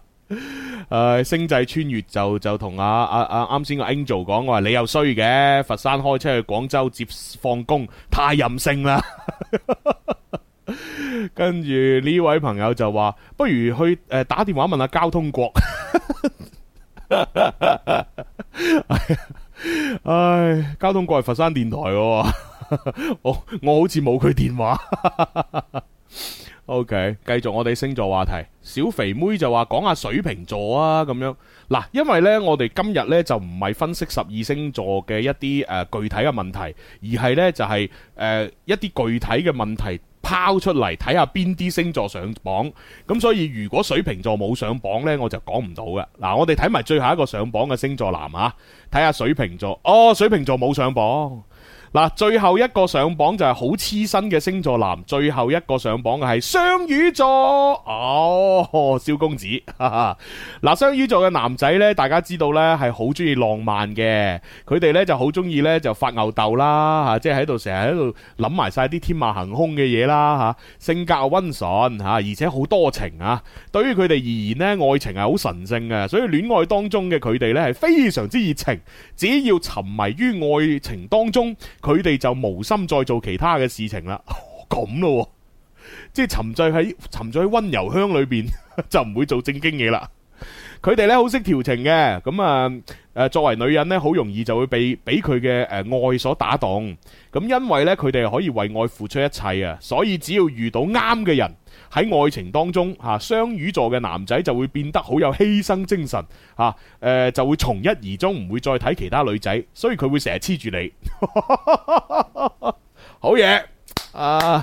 呃，星際穿越就就同阿阿阿啱先個 Angel 講，我話你又衰嘅，佛山開車去廣州接放工，太任性啦。跟住呢位朋友就話，不如去誒、呃、打電話問下交通局。 唉，交通過嚟佛山電台喎， 我我好似冇佢電話。 OK，繼續我哋星座話題，小肥妹就話講下水瓶座啊咁樣。嗱，因為呢，我哋今日呢就唔係分析十二星座嘅一啲誒、呃、具體嘅問題，而係呢就係、是、誒、呃、一啲具體嘅問題。拋出嚟睇下邊啲星座上榜，咁所以如果水瓶座冇上榜呢，我就講唔到嘅。嗱，我哋睇埋最後一個上榜嘅星座男啊，睇下水瓶座，哦，水瓶座冇上榜。嗱，最後一個上榜就係好黐身嘅星座男，最後一個上榜嘅係雙魚座哦，蕭公子嗱，雙魚座嘅男仔呢，大家知道呢係好中意浪漫嘅，佢哋呢就好中意呢就發吽哣啦吓、啊，即係喺度成日喺度諗埋晒啲天馬行空嘅嘢啦吓、啊，性格溫順吓，而且好多情啊！對於佢哋而言呢，愛情係好神聖嘅，所以戀愛當中嘅佢哋呢係非常之熱情，只要沉迷於愛情當中。佢哋就無心再做其他嘅事情啦，咁咯、啊，即係沉醉喺沉醉喺溫柔鄉裏邊 就唔會做正經嘢啦。佢哋呢好識調情嘅，咁啊誒，作為女人呢，好容易就會被俾佢嘅誒愛所打動。咁、嗯、因為呢，佢哋可以為愛付出一切啊，所以只要遇到啱嘅人。喺愛情當中嚇，雙魚座嘅男仔就會變得好有犧牲精神嚇，誒、啊呃、就會從一而終，唔會再睇其他女仔，所以佢會成日黐住你，好嘢啊！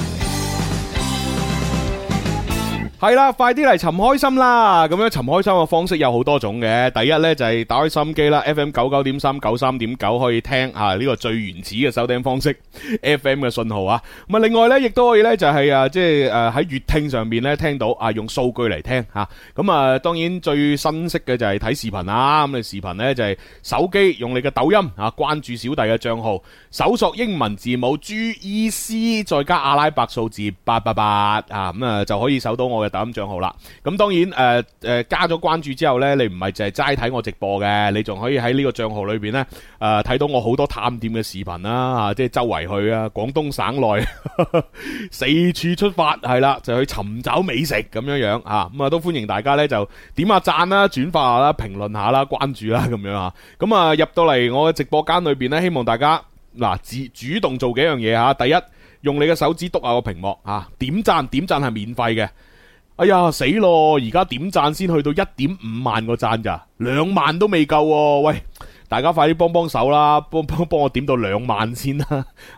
係啦，快啲嚟尋開心啦！咁樣尋開心嘅方式有好多種嘅。第一呢就係、是、打開心機啦，FM 九九點三九三點九可以聽啊呢、這個最原始嘅收聽方式，FM 嘅信號啊。咁啊，另外呢，亦都可以呢就係、是、啊，即係誒喺月聽上面呢聽到啊用數據嚟聽吓。咁啊,啊，當然最新式嘅就係睇視頻啦、啊。咁、啊、你視頻呢就係、是、手機用你嘅抖音啊，關注小弟嘅賬號，搜索英文字母 GEC 再加阿拉伯數字八八八啊，咁啊就可以搜到我嘅。抖音賬號啦，咁當然誒誒，呃、加咗關注之後呢，你唔係淨係齋睇我直播嘅，你仲可以喺呢個賬號裏邊呢，誒、呃、睇到我好多探店嘅視頻啦、啊，即係周圍去啊，廣東省內 四處出發係啦，就去尋找美食咁樣樣啊。咁啊，都歡迎大家呢，就點下讚啦、轉發啦、評論下啦、關注啦咁樣啊。咁啊入到嚟我嘅直播間裏邊呢，希望大家嗱、啊、自主動做幾樣嘢吓、啊。第一，用你嘅手指篤下個屏幕啊，點讚點讚係免費嘅。哎呀，死咯！而家點讚先去到一點五萬個讚咋，兩萬都未夠喎。喂，大家快啲幫幫手啦，幫幫幫我點到兩萬先啦。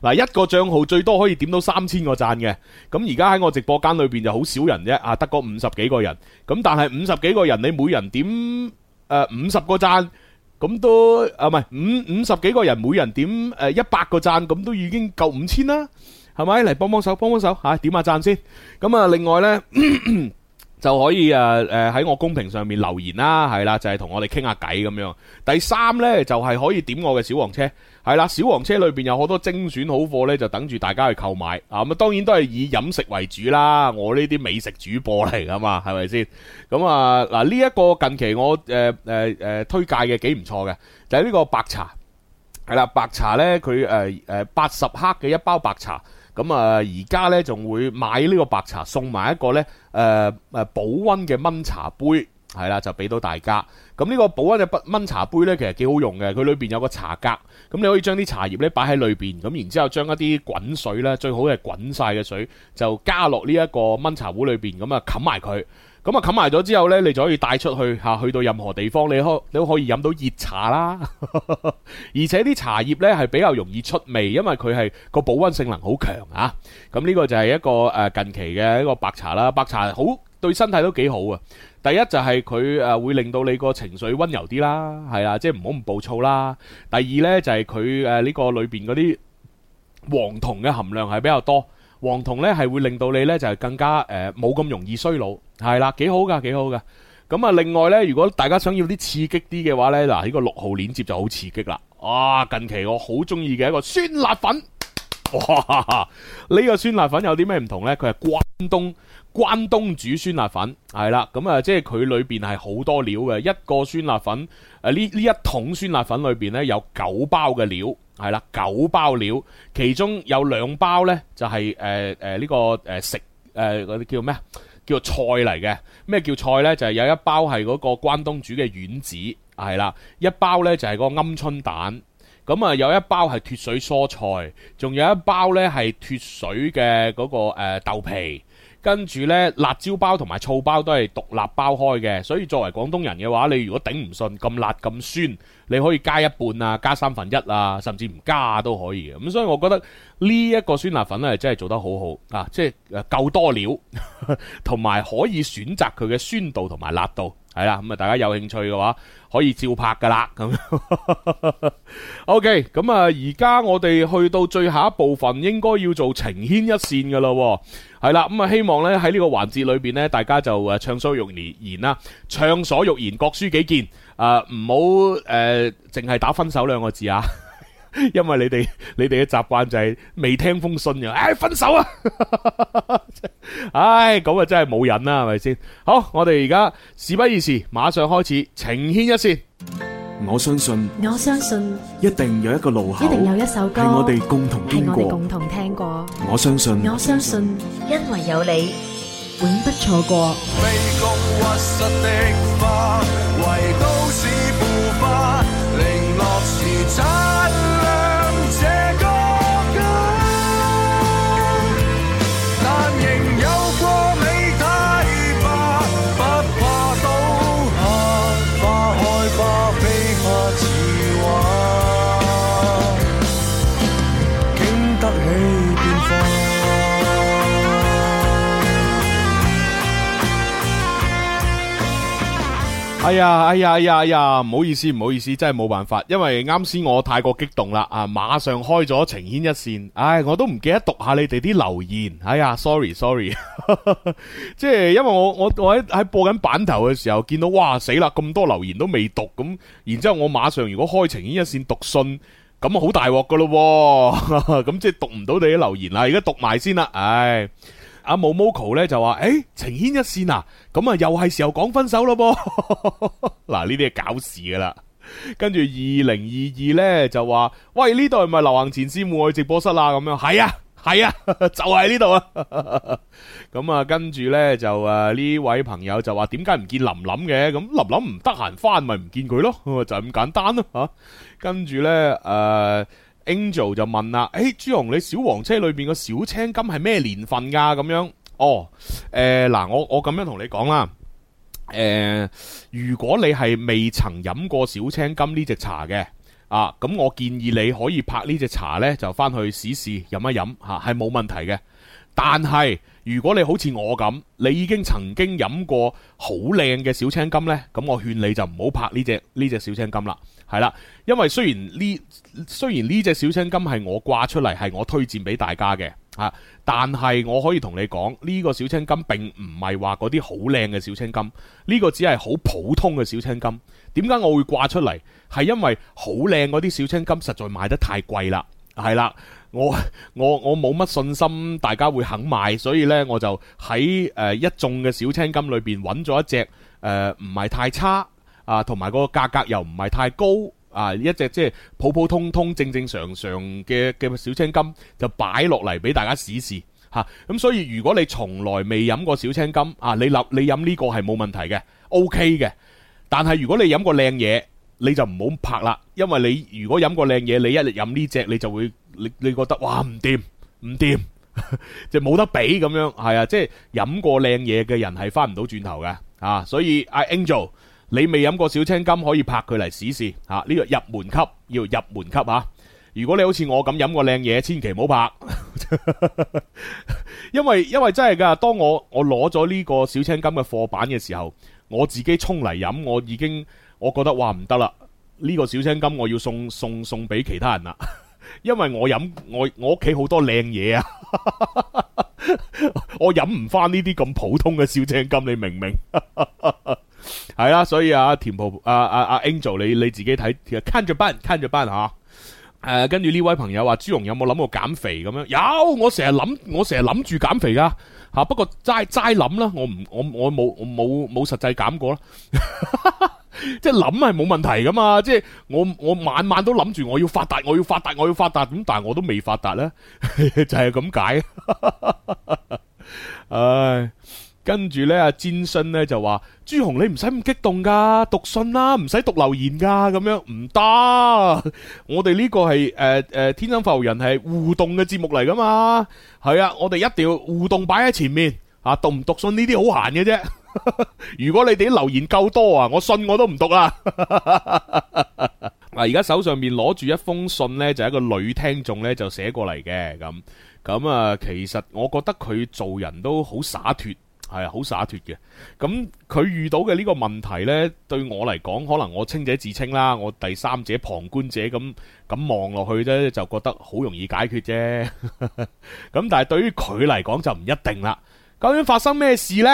嗱， 一個賬號最多可以點到三千個讚嘅，咁而家喺我直播間裏邊就好少人啫，啊，得個五十幾個人。咁但係五十幾個人，你每人點誒、呃啊、五十個讚，咁都啊唔係五五十幾個人每人點誒一百個讚，咁都已經夠五千啦。係咪嚟，幫幫手幫幫手吓？點下贊先。咁、嗯、啊，另外呢，咳咳就可以誒誒喺我公屏上面留言啦，係啦，就係、是、同我哋傾下偈咁樣。第三呢，就係、是、可以點我嘅小黃車，係啦，小黃車裏邊有好多精選好貨呢，就等住大家去購買啊。咁啊，當然都係以飲食爲主啦，我呢啲美食主播嚟㗎嘛，係咪先？咁、嗯、啊，嗱呢一個近期我誒誒誒推介嘅幾唔錯嘅，就係、是、呢個白茶，係啦，白茶呢，佢誒誒八十克嘅一包白茶。咁啊，而家呢，仲會買呢個白茶送埋一個呢，誒誒保溫嘅燜茶杯，係啦，就俾到大家。咁呢個保溫嘅燜茶杯呢，其實幾好用嘅，佢裏邊有個茶格，咁你可以將啲茶葉呢擺喺裏邊，咁然之後將一啲滾水呢，最好係滾晒嘅水，就加落呢一個燜茶壺裏邊，咁啊冚埋佢。咁啊，冚埋咗之後呢，你就可以帶出去嚇、啊，去到任何地方，你可你都可以飲到熱茶啦。 而且啲茶葉呢係比較容易出味，因為佢係個保溫性能好強啊。咁、嗯、呢、這個就係一個誒、呃、近期嘅一個白茶啦。白茶好對身體都幾好啊。第一就係佢誒會令到你個情緒溫柔啲啦，係啊，即係唔好唔暴躁啦。第二呢，就係佢誒呢個裏邊嗰啲黃酮嘅含量係比較多。黃酮咧係會令到你咧就係、是、更加誒冇咁容易衰老，係啦幾好噶幾好噶。咁、嗯、啊另外咧，如果大家想要啲刺激啲嘅話咧，嗱、這、呢個六號鏈接就好刺激啦。啊近期我好中意嘅一個酸辣粉，哇！呢、這個酸辣粉有啲咩唔同呢？佢係關東關東煮酸辣粉，係啦。咁、嗯、啊、嗯、即係佢裏邊係好多料嘅，一個酸辣粉誒呢呢一桶酸辣粉裏邊咧有九包嘅料。係啦，九包料，其中有兩包呢就係誒誒呢個誒、呃、食誒嗰啲叫咩啊？叫菜嚟嘅。咩叫菜呢？就係、是、有一包係嗰個關東煮嘅丸子，係啦，一包呢就係嗰個鵪鶉蛋。咁啊有一包係脱水蔬菜，仲有一包呢係脱水嘅嗰、那個、呃、豆皮。跟住呢，辣椒包同埋醋包都係獨立包開嘅。所以作為廣東人嘅話，你如果頂唔順咁辣咁酸，你可以加一半啊，加三分一啊，甚至唔加都可以嘅。咁所以我覺得呢一個酸辣粉咧，真係做得好好啊！即係夠多料，同 埋可以選擇佢嘅酸度同埋辣度。係啦，咁啊，大家有興趣嘅話，可以照拍噶啦。咁 OK，咁啊，而家我哋去到最後一部分，應該要做情牽一線噶啦。係啦，咁啊，希望呢喺呢個環節裏邊呢，大家就誒暢所欲言言啦，暢所欲言，各抒己見。啊，唔好誒，淨係打分手兩個字啊，因為你哋你哋嘅習慣就係未聽封信就，哎，分手啊！哎，咁啊真係冇癮啦，係咪先？好，我哋而家事不宜遲，馬上開始情牽一線。我相信，我相信一定有一個路口，一定有一首歌係我哋共同聽過，我相信，我相信因為有你，永不錯過。哎呀，哎呀，哎呀，哎呀，唔好意思，唔好意思，真係冇辦法，因為啱先我太過激動啦，啊，馬上開咗晴軒一線，唉，我都唔記得讀下你哋啲留言，哎呀，sorry，sorry，Sorry 即係因為我我我喺喺播緊版頭嘅時候，見到，哇死啦，咁多留言都未讀，咁，然之後我馬上如果開晴軒一線讀信，咁啊好大鑊噶咯，咁 即係讀唔到你啲留言啦，而家讀埋先啦，唉。阿 Momoko 咧就話：誒、欸，情牽一線啊，咁啊又係時候講分手咯噃。嗱，呢啲係搞事噶啦。跟住二零二二咧就話：喂，呢度係咪流行前線戶外直播室樣啊？咁樣係啊，係 啊，就係呢度啊。咁啊，跟住咧就誒呢位朋友就話：點解唔見林林嘅？咁、啊、林林唔得閒翻，咪唔見佢咯，就咁、是、簡單咯、啊、吓。跟住咧誒。Angel 就問啦，誒，朱紅，你小黃車裏邊個小青金係咩年份噶？咁樣，哦，誒、呃，嗱，我我咁樣同你講啦，誒、呃，如果你係未曾飲過小青柑呢隻茶嘅，啊，咁我建議你可以拍呢隻茶呢，就翻去試試飲一飲，吓、啊，係冇問題嘅。但係如果你好似我咁，你已經曾經飲過好靚嘅小青柑呢，咁我勸你就唔好拍呢隻呢隻小青柑啦，係啦，因為雖然呢，雖然呢隻小青柑係我掛出嚟，係我推薦俾大家嘅嚇，但係我可以同你講，呢個小青柑並唔係話嗰啲好靚嘅小青柑，呢個只係好普通嘅小青柑。點解我會掛出嚟？係因為好靚嗰啲小青柑實在買得太貴啦，係啦。我我我冇乜信心，大家會肯買，所以呢，我就喺誒、呃、一眾嘅小青金裏邊揾咗一隻誒唔係太差啊，同埋個價格又唔係太高啊，一隻即係普普通通、正正常常嘅嘅小青金就擺落嚟俾大家試試吓。咁、啊、所以如果你從來未飲過小青金啊，你立你飲呢個係冇問題嘅，OK 嘅。但係如果你飲過靚嘢，你就唔好拍啦，因為你如果飲過靚嘢，你一日飲呢隻，你就會你你覺得哇唔掂，唔掂，就冇得比咁樣，係啊，即係飲過靚嘢嘅人係翻唔到轉頭嘅啊！所以阿 Angel，你未飲過小青柑，可以拍佢嚟試試啊！呢個入門級要入門級啊！如果你好似我咁飲過靚嘢，千祈唔好拍 因，因為因為真係噶，當我我攞咗呢個小青柑嘅貨版嘅時候，我自己沖嚟飲，我已經。我覺得話唔得啦！呢、這個小青金我要送送送俾其他人啦，因為我飲我我屋企好多靚嘢啊， 我飲唔翻呢啲咁普通嘅小青金，你明唔明？係 啦、啊，所以啊，甜婆啊啊啊 Angel，你你自己睇，其攤著班，攤著班嚇。誒、啊，跟住呢位朋友話：朱龍有冇諗過減肥咁樣？有，我成日諗，我成日諗住減肥噶嚇。不過齋齋諗啦，我唔我我冇冇冇實際減過啦。 即係諗係冇問題噶嘛，即係我我晚晚都諗住我要發達，我要發達，我要發達，咁但係我都未發達呢, 呢,呢，就係咁解。唉，跟住呢，阿詹信咧就話朱紅你唔使咁激動噶，讀信啦、啊，唔使讀留言噶，咁樣唔得。 我哋呢個係誒誒天生發育人係互動嘅節目嚟噶嘛，係 啊，我哋一定要互動擺喺前面啊，讀唔讀信呢啲好閒嘅啫。 如果你哋留言夠多啊，我信我都唔讀啊！嗱，而家手上面攞住一封信呢，就係一個女聽眾呢，就寫過嚟嘅咁咁啊。其實我覺得佢做人都好灑脫，係啊好灑脫嘅。咁佢遇到嘅呢個問題呢，對我嚟講，可能我清者自清啦，我第三者旁觀者咁咁望落去啫，就覺得好容易解決啫。咁 但係對於佢嚟講就唔一定啦。究竟發生咩事呢？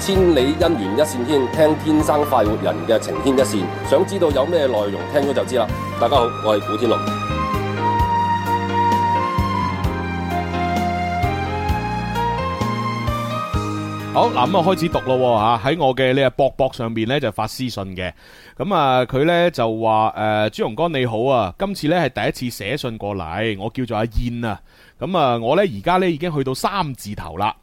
千里姻緣一線牽，聽天生快活人嘅晴天一線，想知道有咩內容，聽咗就知啦。大家好，我係古天樂。好嗱，咁啊開始讀咯吓，喺我嘅呢個博博上邊咧就發私信嘅，咁啊佢咧就話誒、呃、朱紅哥你好啊，今次咧係第一次寫信過嚟，我叫做阿燕啊。咁啊、嗯，我呢，而家呢已經去到三字頭啦。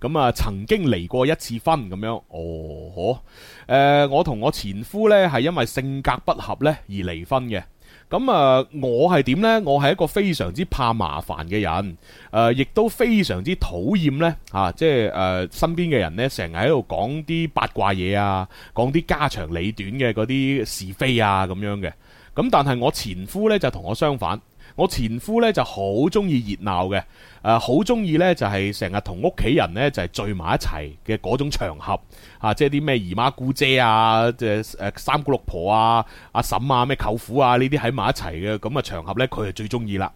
咁 啊、嗯，曾經離過一次婚咁樣。哦，嗬。誒，我同我前夫呢，係因為性格不合呢而離婚嘅。咁、嗯、啊，我係點呢？我係一個非常之怕麻煩嘅人。誒、呃，亦都非常之討厭呢。啊，即係誒、呃，身邊嘅人呢，成日喺度講啲八卦嘢啊，講啲家長裏短嘅嗰啲是非啊，咁樣嘅。咁、嗯、但係我前夫呢，就同我相反。我前夫呢就好中意熱鬧嘅，誒好中意呢就係成日同屋企人呢就係、是、聚埋一齊嘅嗰種場合，啊即係啲咩姨媽姑姐啊，即、啊、係三姑六婆啊、阿、啊、嬸啊、咩舅父啊呢啲喺埋一齊嘅咁嘅場合呢，佢係最中意啦。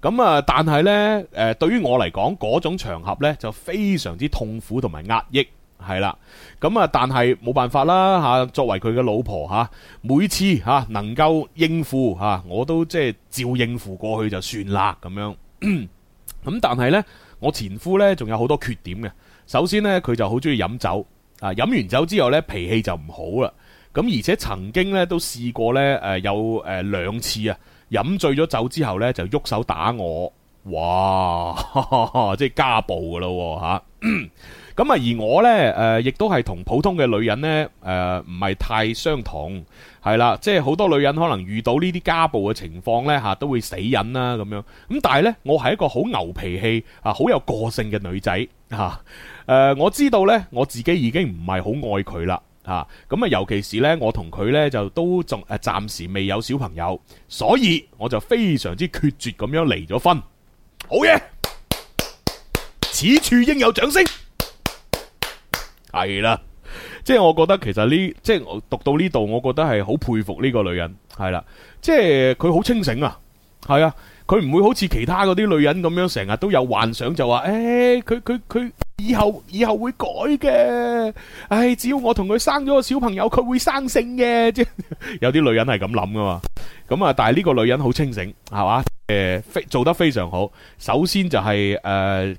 咁啊，但係呢，誒、呃、對於我嚟講嗰種場合呢，就非常之痛苦同埋壓抑。係啦，咁啊，但係冇辦法啦吓。作為佢嘅老婆吓，每次吓能夠應付吓，我都即係照應付過去就算啦咁樣。咁 但係呢，我前夫呢仲有好多缺點嘅。首先呢，佢就好中意飲酒，啊飲完酒之後呢，脾氣就唔好啦。咁而且曾經呢都試過呢，誒有誒兩次啊，飲醉咗酒之後呢，就喐手打我，哇， 即係家暴噶咯吓。 咁啊，而我呢，誒、呃，亦都係同普通嘅女人呢，誒、呃，唔係太相同，係啦，即係好多女人可能遇到呢啲家暴嘅情況呢，吓、啊、都會死忍啦咁樣。咁但係呢，我係一個好牛脾氣啊，好有個性嘅女仔吓。誒、啊呃，我知道呢，我自己已經唔係好愛佢啦，吓。咁啊，尤其是呢，我同佢呢，就都仲誒、啊，暫時未有小朋友，所以我就非常之決絕咁樣離咗婚。好嘢，此處應有掌聲。係啦，即係我覺得其實呢，即係我讀到呢度，我覺得係好佩服呢個女人。係啦，即係佢好清醒啊，係啊，佢唔會好似其他嗰啲女人咁樣成日都有幻想就，就話誒，佢佢佢以後以後會改嘅，唉，只要我同佢生咗個小朋友，佢會生性嘅，即係有啲女人係咁諗噶嘛，咁啊，但係呢個女人好清醒，係嘛？誒，非做得非常好。首先就係、是、誒，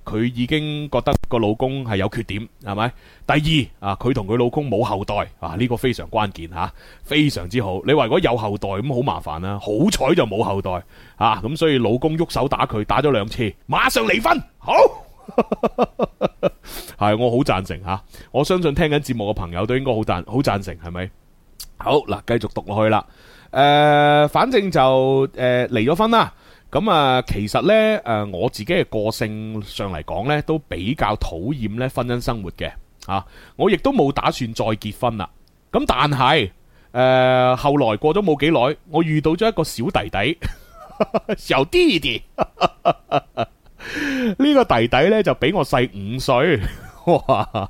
佢、呃、已經覺得個老公係有缺點，係咪？第二啊，佢同佢老公冇後代啊，呢、這個非常關鍵吓、啊，非常之好。你話如果有後代咁好麻煩啦、啊，好彩就冇後代啊，咁所以老公喐手打佢，打咗兩次，馬上離婚。好，係 我好贊成吓、啊，我相信聽緊節目嘅朋友都應該好贊，好贊成係咪？好嗱，繼續讀落去啦。誒、呃，反正就誒離咗婚啦。咁啊、嗯，其實呢，誒、呃，我自己嘅個性上嚟講呢，都比較討厭呢婚姻生活嘅，啊，我亦都冇打算再結婚啦。咁但係，誒、呃，後來過咗冇幾耐，我遇到咗一個小弟弟， 小弟弟，呢 個弟弟呢，就比我細五歲，哇，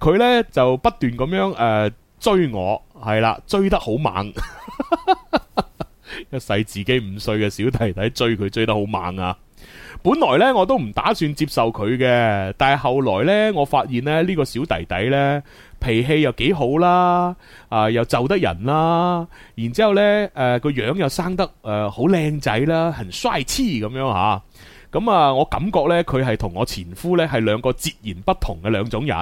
佢呢，就不斷咁樣誒追我，係啦，追得好猛。 一世自己五歲嘅小弟弟追佢追得好猛啊！本來呢，我都唔打算接受佢嘅，但係後來呢，我發現咧呢個小弟弟呢，脾氣又幾好啦、啊，呃、又啊又就得人啦，然之後咧誒個樣又生得誒好靚仔啦，很帥氣咁樣吓、啊，咁、嗯、啊、呃、我感覺呢，佢係同我前夫呢係兩個截然不同嘅兩種人，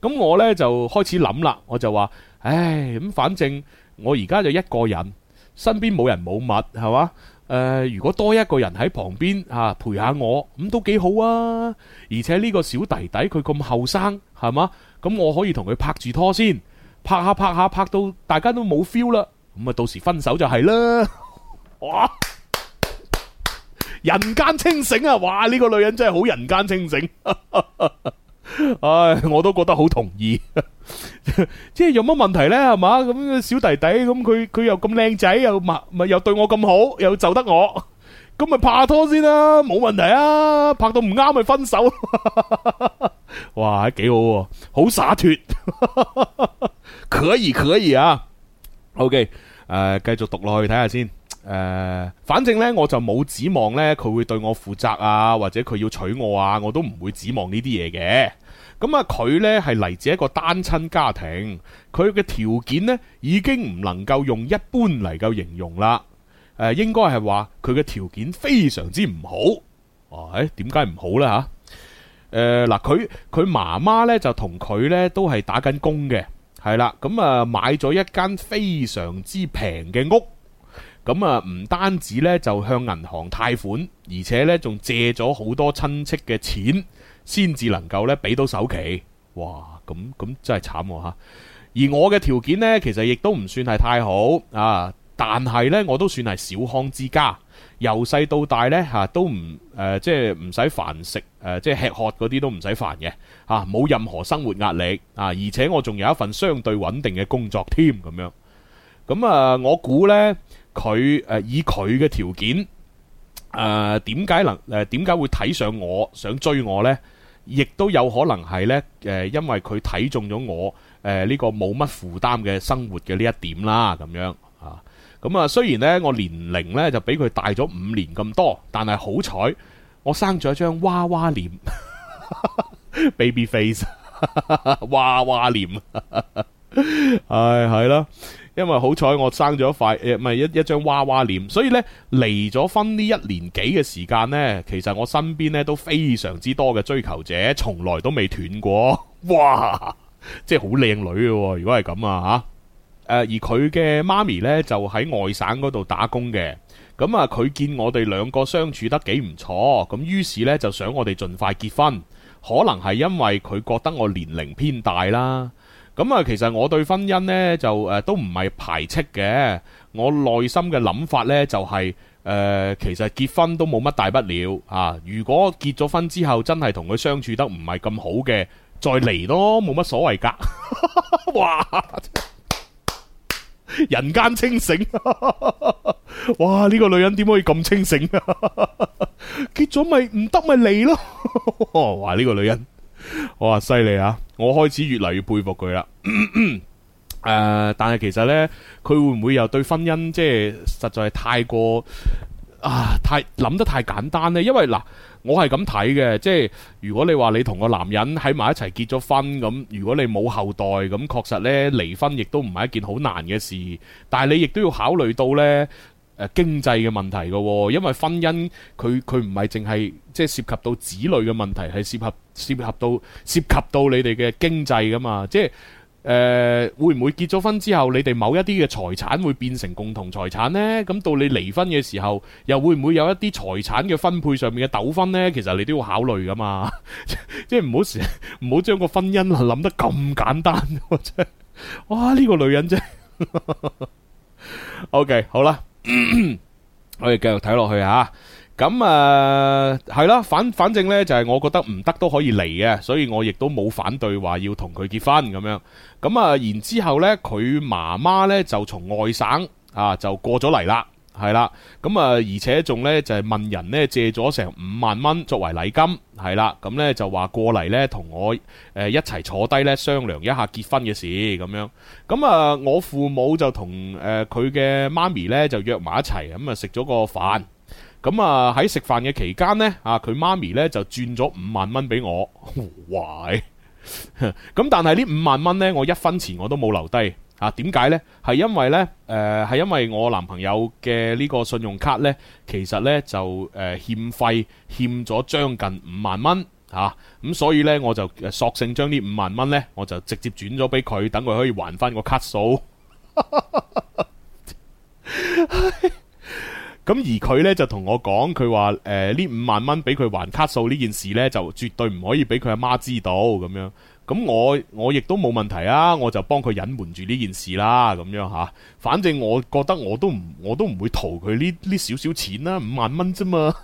咁、嗯、我呢，就開始諗啦，我就話唉咁反正我而家就一個人。身邊冇人冇物係嘛？誒、呃，如果多一個人喺旁邊嚇、啊、陪下我，咁、嗯、都幾好啊！而且呢個小弟弟佢咁後生係嘛？咁、嗯、我可以同佢拍住拖先，拍下，拍下拍下拍到大家都冇 feel 啦，咁、嗯、啊到時分手就係啦！哇， 人間清醒啊！哇，呢、呢個女人真係好人間清醒。 唉，我都覺得好同意， 即係有乜問題呢？係嘛？咁小弟弟咁，佢佢又咁靚仔，又咪咪又對我咁好，又就得我，咁 咪拍拖先啦，啊，冇問題啊！拍到唔啱咪分手， 哇，幾好，啊，好灑脫， 可以可以啊。OK，誒、呃，繼續讀落去睇下先。誒、呃，反正呢，我就冇指望呢，佢會對我負責啊，或者佢要娶我啊，我都唔會指望、呃、呢啲嘢嘅。咁啊，佢呢係嚟自一個單親家庭，佢嘅條件呢已經唔能夠用一般嚟夠形容啦。誒、呃，應該係話佢嘅條件非常之唔好。哇、哎，點解唔好呢？吓、呃？誒，嗱，佢佢媽媽呢就同佢呢都係打緊工嘅，係啦。咁、呃、啊，買咗一間非常之平嘅屋。咁啊，唔單止咧就向銀行貸款，而且咧仲借咗好多親戚嘅錢，先至能夠咧俾到首期。哇，咁咁真係慘喎吓。而我嘅條件咧，其實亦都唔算係太好啊，但係咧我都算係小康之家。由細到大咧吓、啊，都唔誒、呃，即係唔使飯食誒、呃，即係吃喝嗰啲都唔使煩嘅吓，冇、啊、任何生活壓力啊。而且我仲有一份相對穩定嘅工作添，咁樣咁啊，我估咧。佢誒、呃、以佢嘅條件誒點解能誒點解會睇上我想追我呢？亦都有可能係呢，誒，因為佢睇中咗我誒呢、呃呢個冇乜負擔嘅生活嘅呢一點啦，咁樣啊。咁啊，雖然呢，我年齡呢就比佢大咗五年咁多，但係好彩我生咗一張娃娃臉 ，baby face， 娃娃臉、 哎，唉，係啦。因為好彩我生咗一塊誒，唔、欸、係一一張娃娃臉，所以呢，離咗婚呢一年幾嘅時間呢，其實我身邊呢都非常之多嘅追求者，從來都未斷過。哇，即係好靚女嘅、啊，如果係咁啊吓、呃。而佢嘅媽咪呢，就喺外省嗰度打工嘅，咁啊佢見我哋兩個相處得幾唔錯，咁、嗯、於是呢，就想我哋盡快結婚，可能係因為佢覺得我年齡偏大啦。咁啊，其實我對婚姻呢就誒、呃、都唔係排斥嘅，我內心嘅諗法呢就係、是、誒、呃，其實結婚都冇乜大不了啊。如果結咗婚之後真係同佢相處得唔係咁好嘅，再離咯，冇乜所謂噶。 哇，人間清醒！ 哇、呢、這個女人點可以咁清醒啊？ 結咗咪唔得咪離咯？ 哇、呢、這個女人！我話犀利啊！我開始越嚟越佩服佢啦。誒、呃，但係其實呢，佢會唔會又對婚姻即係實在太過啊？太諗得太簡單呢？因為嗱，我係咁睇嘅，即係如果你話你同個男人喺埋一齊結咗婚咁，如果你冇後代咁，確實呢，離婚亦都唔係一件好難嘅事。但係你亦都要考慮到呢。誒經濟嘅問題嘅喎，因為婚姻佢佢唔係淨係即係涉及到子女嘅問題，係涉及涉及到涉及到你哋嘅經濟噶嘛，即係誒、呃、會唔會結咗婚之後，你哋某一啲嘅財產會變成共同財產呢？咁到你離婚嘅時候，又會唔會有一啲財產嘅分配上面嘅糾紛呢？其實你都要考慮噶嘛，即係唔好成日唔好將個婚姻諗得咁簡單，真係哇呢、呢個女人真係 OK 好啦。咳咳我哋繼續睇落去吓，咁啊，係啦、呃，反反正呢，就係我覺得唔得都可以嚟嘅，所以我亦都冇反對話要同佢結婚咁樣。咁啊，然之後咧佢媽媽呢，就從外省啊就過咗嚟啦。係啦，咁啊，而且仲咧就係問人咧借咗成五萬蚊作為禮金，係啦，咁咧就話過嚟咧同我誒一齊坐低咧商量一下結婚嘅事咁樣，咁啊我父母就同誒佢嘅媽咪咧就約埋一齊，咁啊食咗個飯，咁啊喺食飯嘅期間咧啊佢媽咪咧就轉咗五萬蚊俾我，喂，咁但係呢五萬蚊咧我一分錢我都冇留低。啊，點解呢？係因為呢，誒、呃，係因為我男朋友嘅呢個信用卡呢，其實呢就誒、呃、欠費欠咗將近、近五萬蚊，吓、啊、咁、嗯、所以呢，我就索性將呢五萬蚊呢，我就直接轉咗俾佢，等佢可以還翻個卡數。咁 而佢呢，就同我講，佢話誒呢五萬蚊俾佢還卡數呢件事呢，就絕對唔可以俾佢阿媽知道咁樣。咁我我亦都冇問題啊，我就幫佢隱瞞住呢件事啦，咁樣嚇。反正我覺得我都唔我都唔會圖佢呢呢少少錢啦，五萬蚊啫嘛。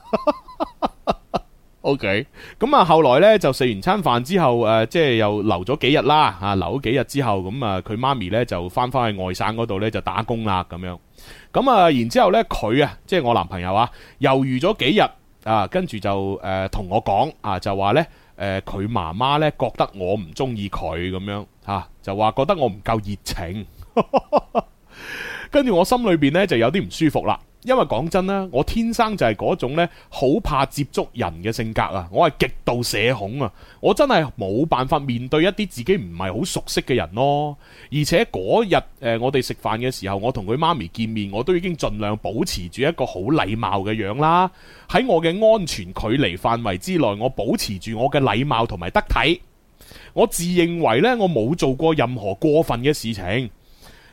OK，咁啊，後來呢就食完餐飯之後，誒、呃、即係又留咗幾日啦，啊留咗幾日之後，咁啊佢媽咪呢就翻返去外省嗰度呢，就打工啦，咁樣。咁啊，然之後呢，佢啊，即係我男朋友啊，猶豫咗幾日啊，呃、跟住就誒同我講啊，就話呢。佢、呃、媽媽咧覺得我唔中意佢咁樣吓、啊，就話覺得我唔夠熱情，跟 住我心裏邊咧就有啲唔舒服啦。因為講真啦，我天生就係嗰種咧好怕接觸人嘅性格啊，我係極度社恐啊，我真係冇辦法面對一啲自己唔係好熟悉嘅人咯。而且嗰日誒我哋食飯嘅時候，我同佢媽咪見面，我都已經盡量保持住一個好禮貌嘅樣啦，喺我嘅安全距離範圍之內，我保持住我嘅禮貌同埋得體。我自認為呢，我冇做過任何過分嘅事情。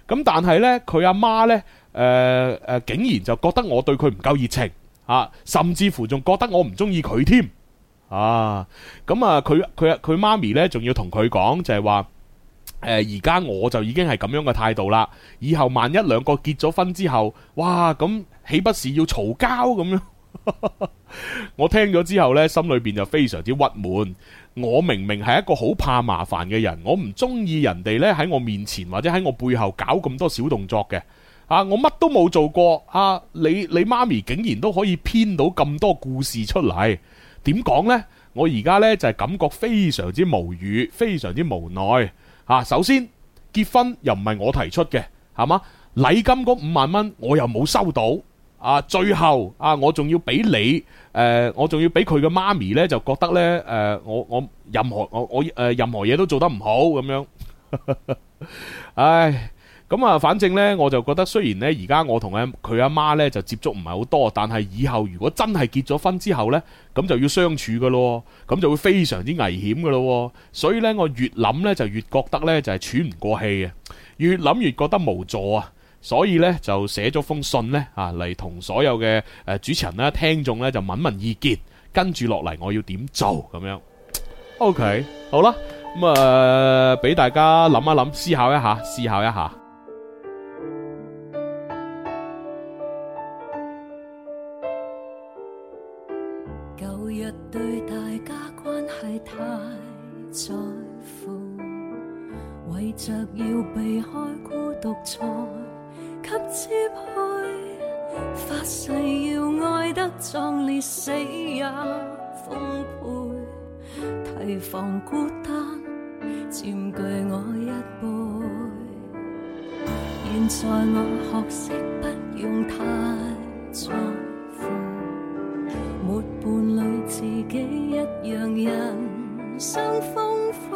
咁但係呢，佢阿媽呢，誒誒、呃呃，竟然就覺得我對佢唔夠熱情啊！甚至乎仲覺得我唔中意佢添啊！咁啊，佢佢佢媽咪呢，仲要同佢講，就係話誒，而家我就已經係咁樣嘅態度啦。以後萬一兩個結咗婚之後，哇，咁豈不是要嘈交咁樣？ 我聽咗之後呢，心裏邊就非常之鬱悶。我明明係一個好怕麻煩嘅人，我唔中意人哋呢喺我面前或者喺我背後搞咁多小動作嘅。啊！我乜都冇做過，啊！你你媽咪竟然都可以編到咁多故事出嚟，點講呢？我而家呢就係、是、感覺非常之無語，非常之無奈。啊！首先結婚又唔係我提出嘅，係嘛？禮金嗰五萬蚊我又冇收到，啊！最後啊，我仲要俾你，誒、呃，我仲要俾佢嘅媽咪呢，就覺得呢，誒、呃，我我任何我我誒、呃、任何嘢都做得唔好咁樣， 唉。咁啊，反正呢，我就覺得雖然呢，而家我同阿佢阿媽呢就接觸唔係好多，但係以後如果真係結咗婚之後呢，咁就要相處噶咯，咁就會非常之危險噶咯。所以呢，我越諗呢就越覺得呢就係喘唔過氣啊，越諗越覺得無助啊。所以呢，就寫咗封信呢啊嚟同所有嘅誒主持人咧、啊、聽眾呢，就問問意見，跟住落嚟我要點做咁樣。OK，好啦，咁啊俾大家諗一諗，思考一下，思考一下。着要避開孤獨，才給支配。發誓要愛得壯烈，死也奉陪。提防孤單佔據我一輩。現在我學識不用太在乎，沒伴侶自己一樣，人生豐富。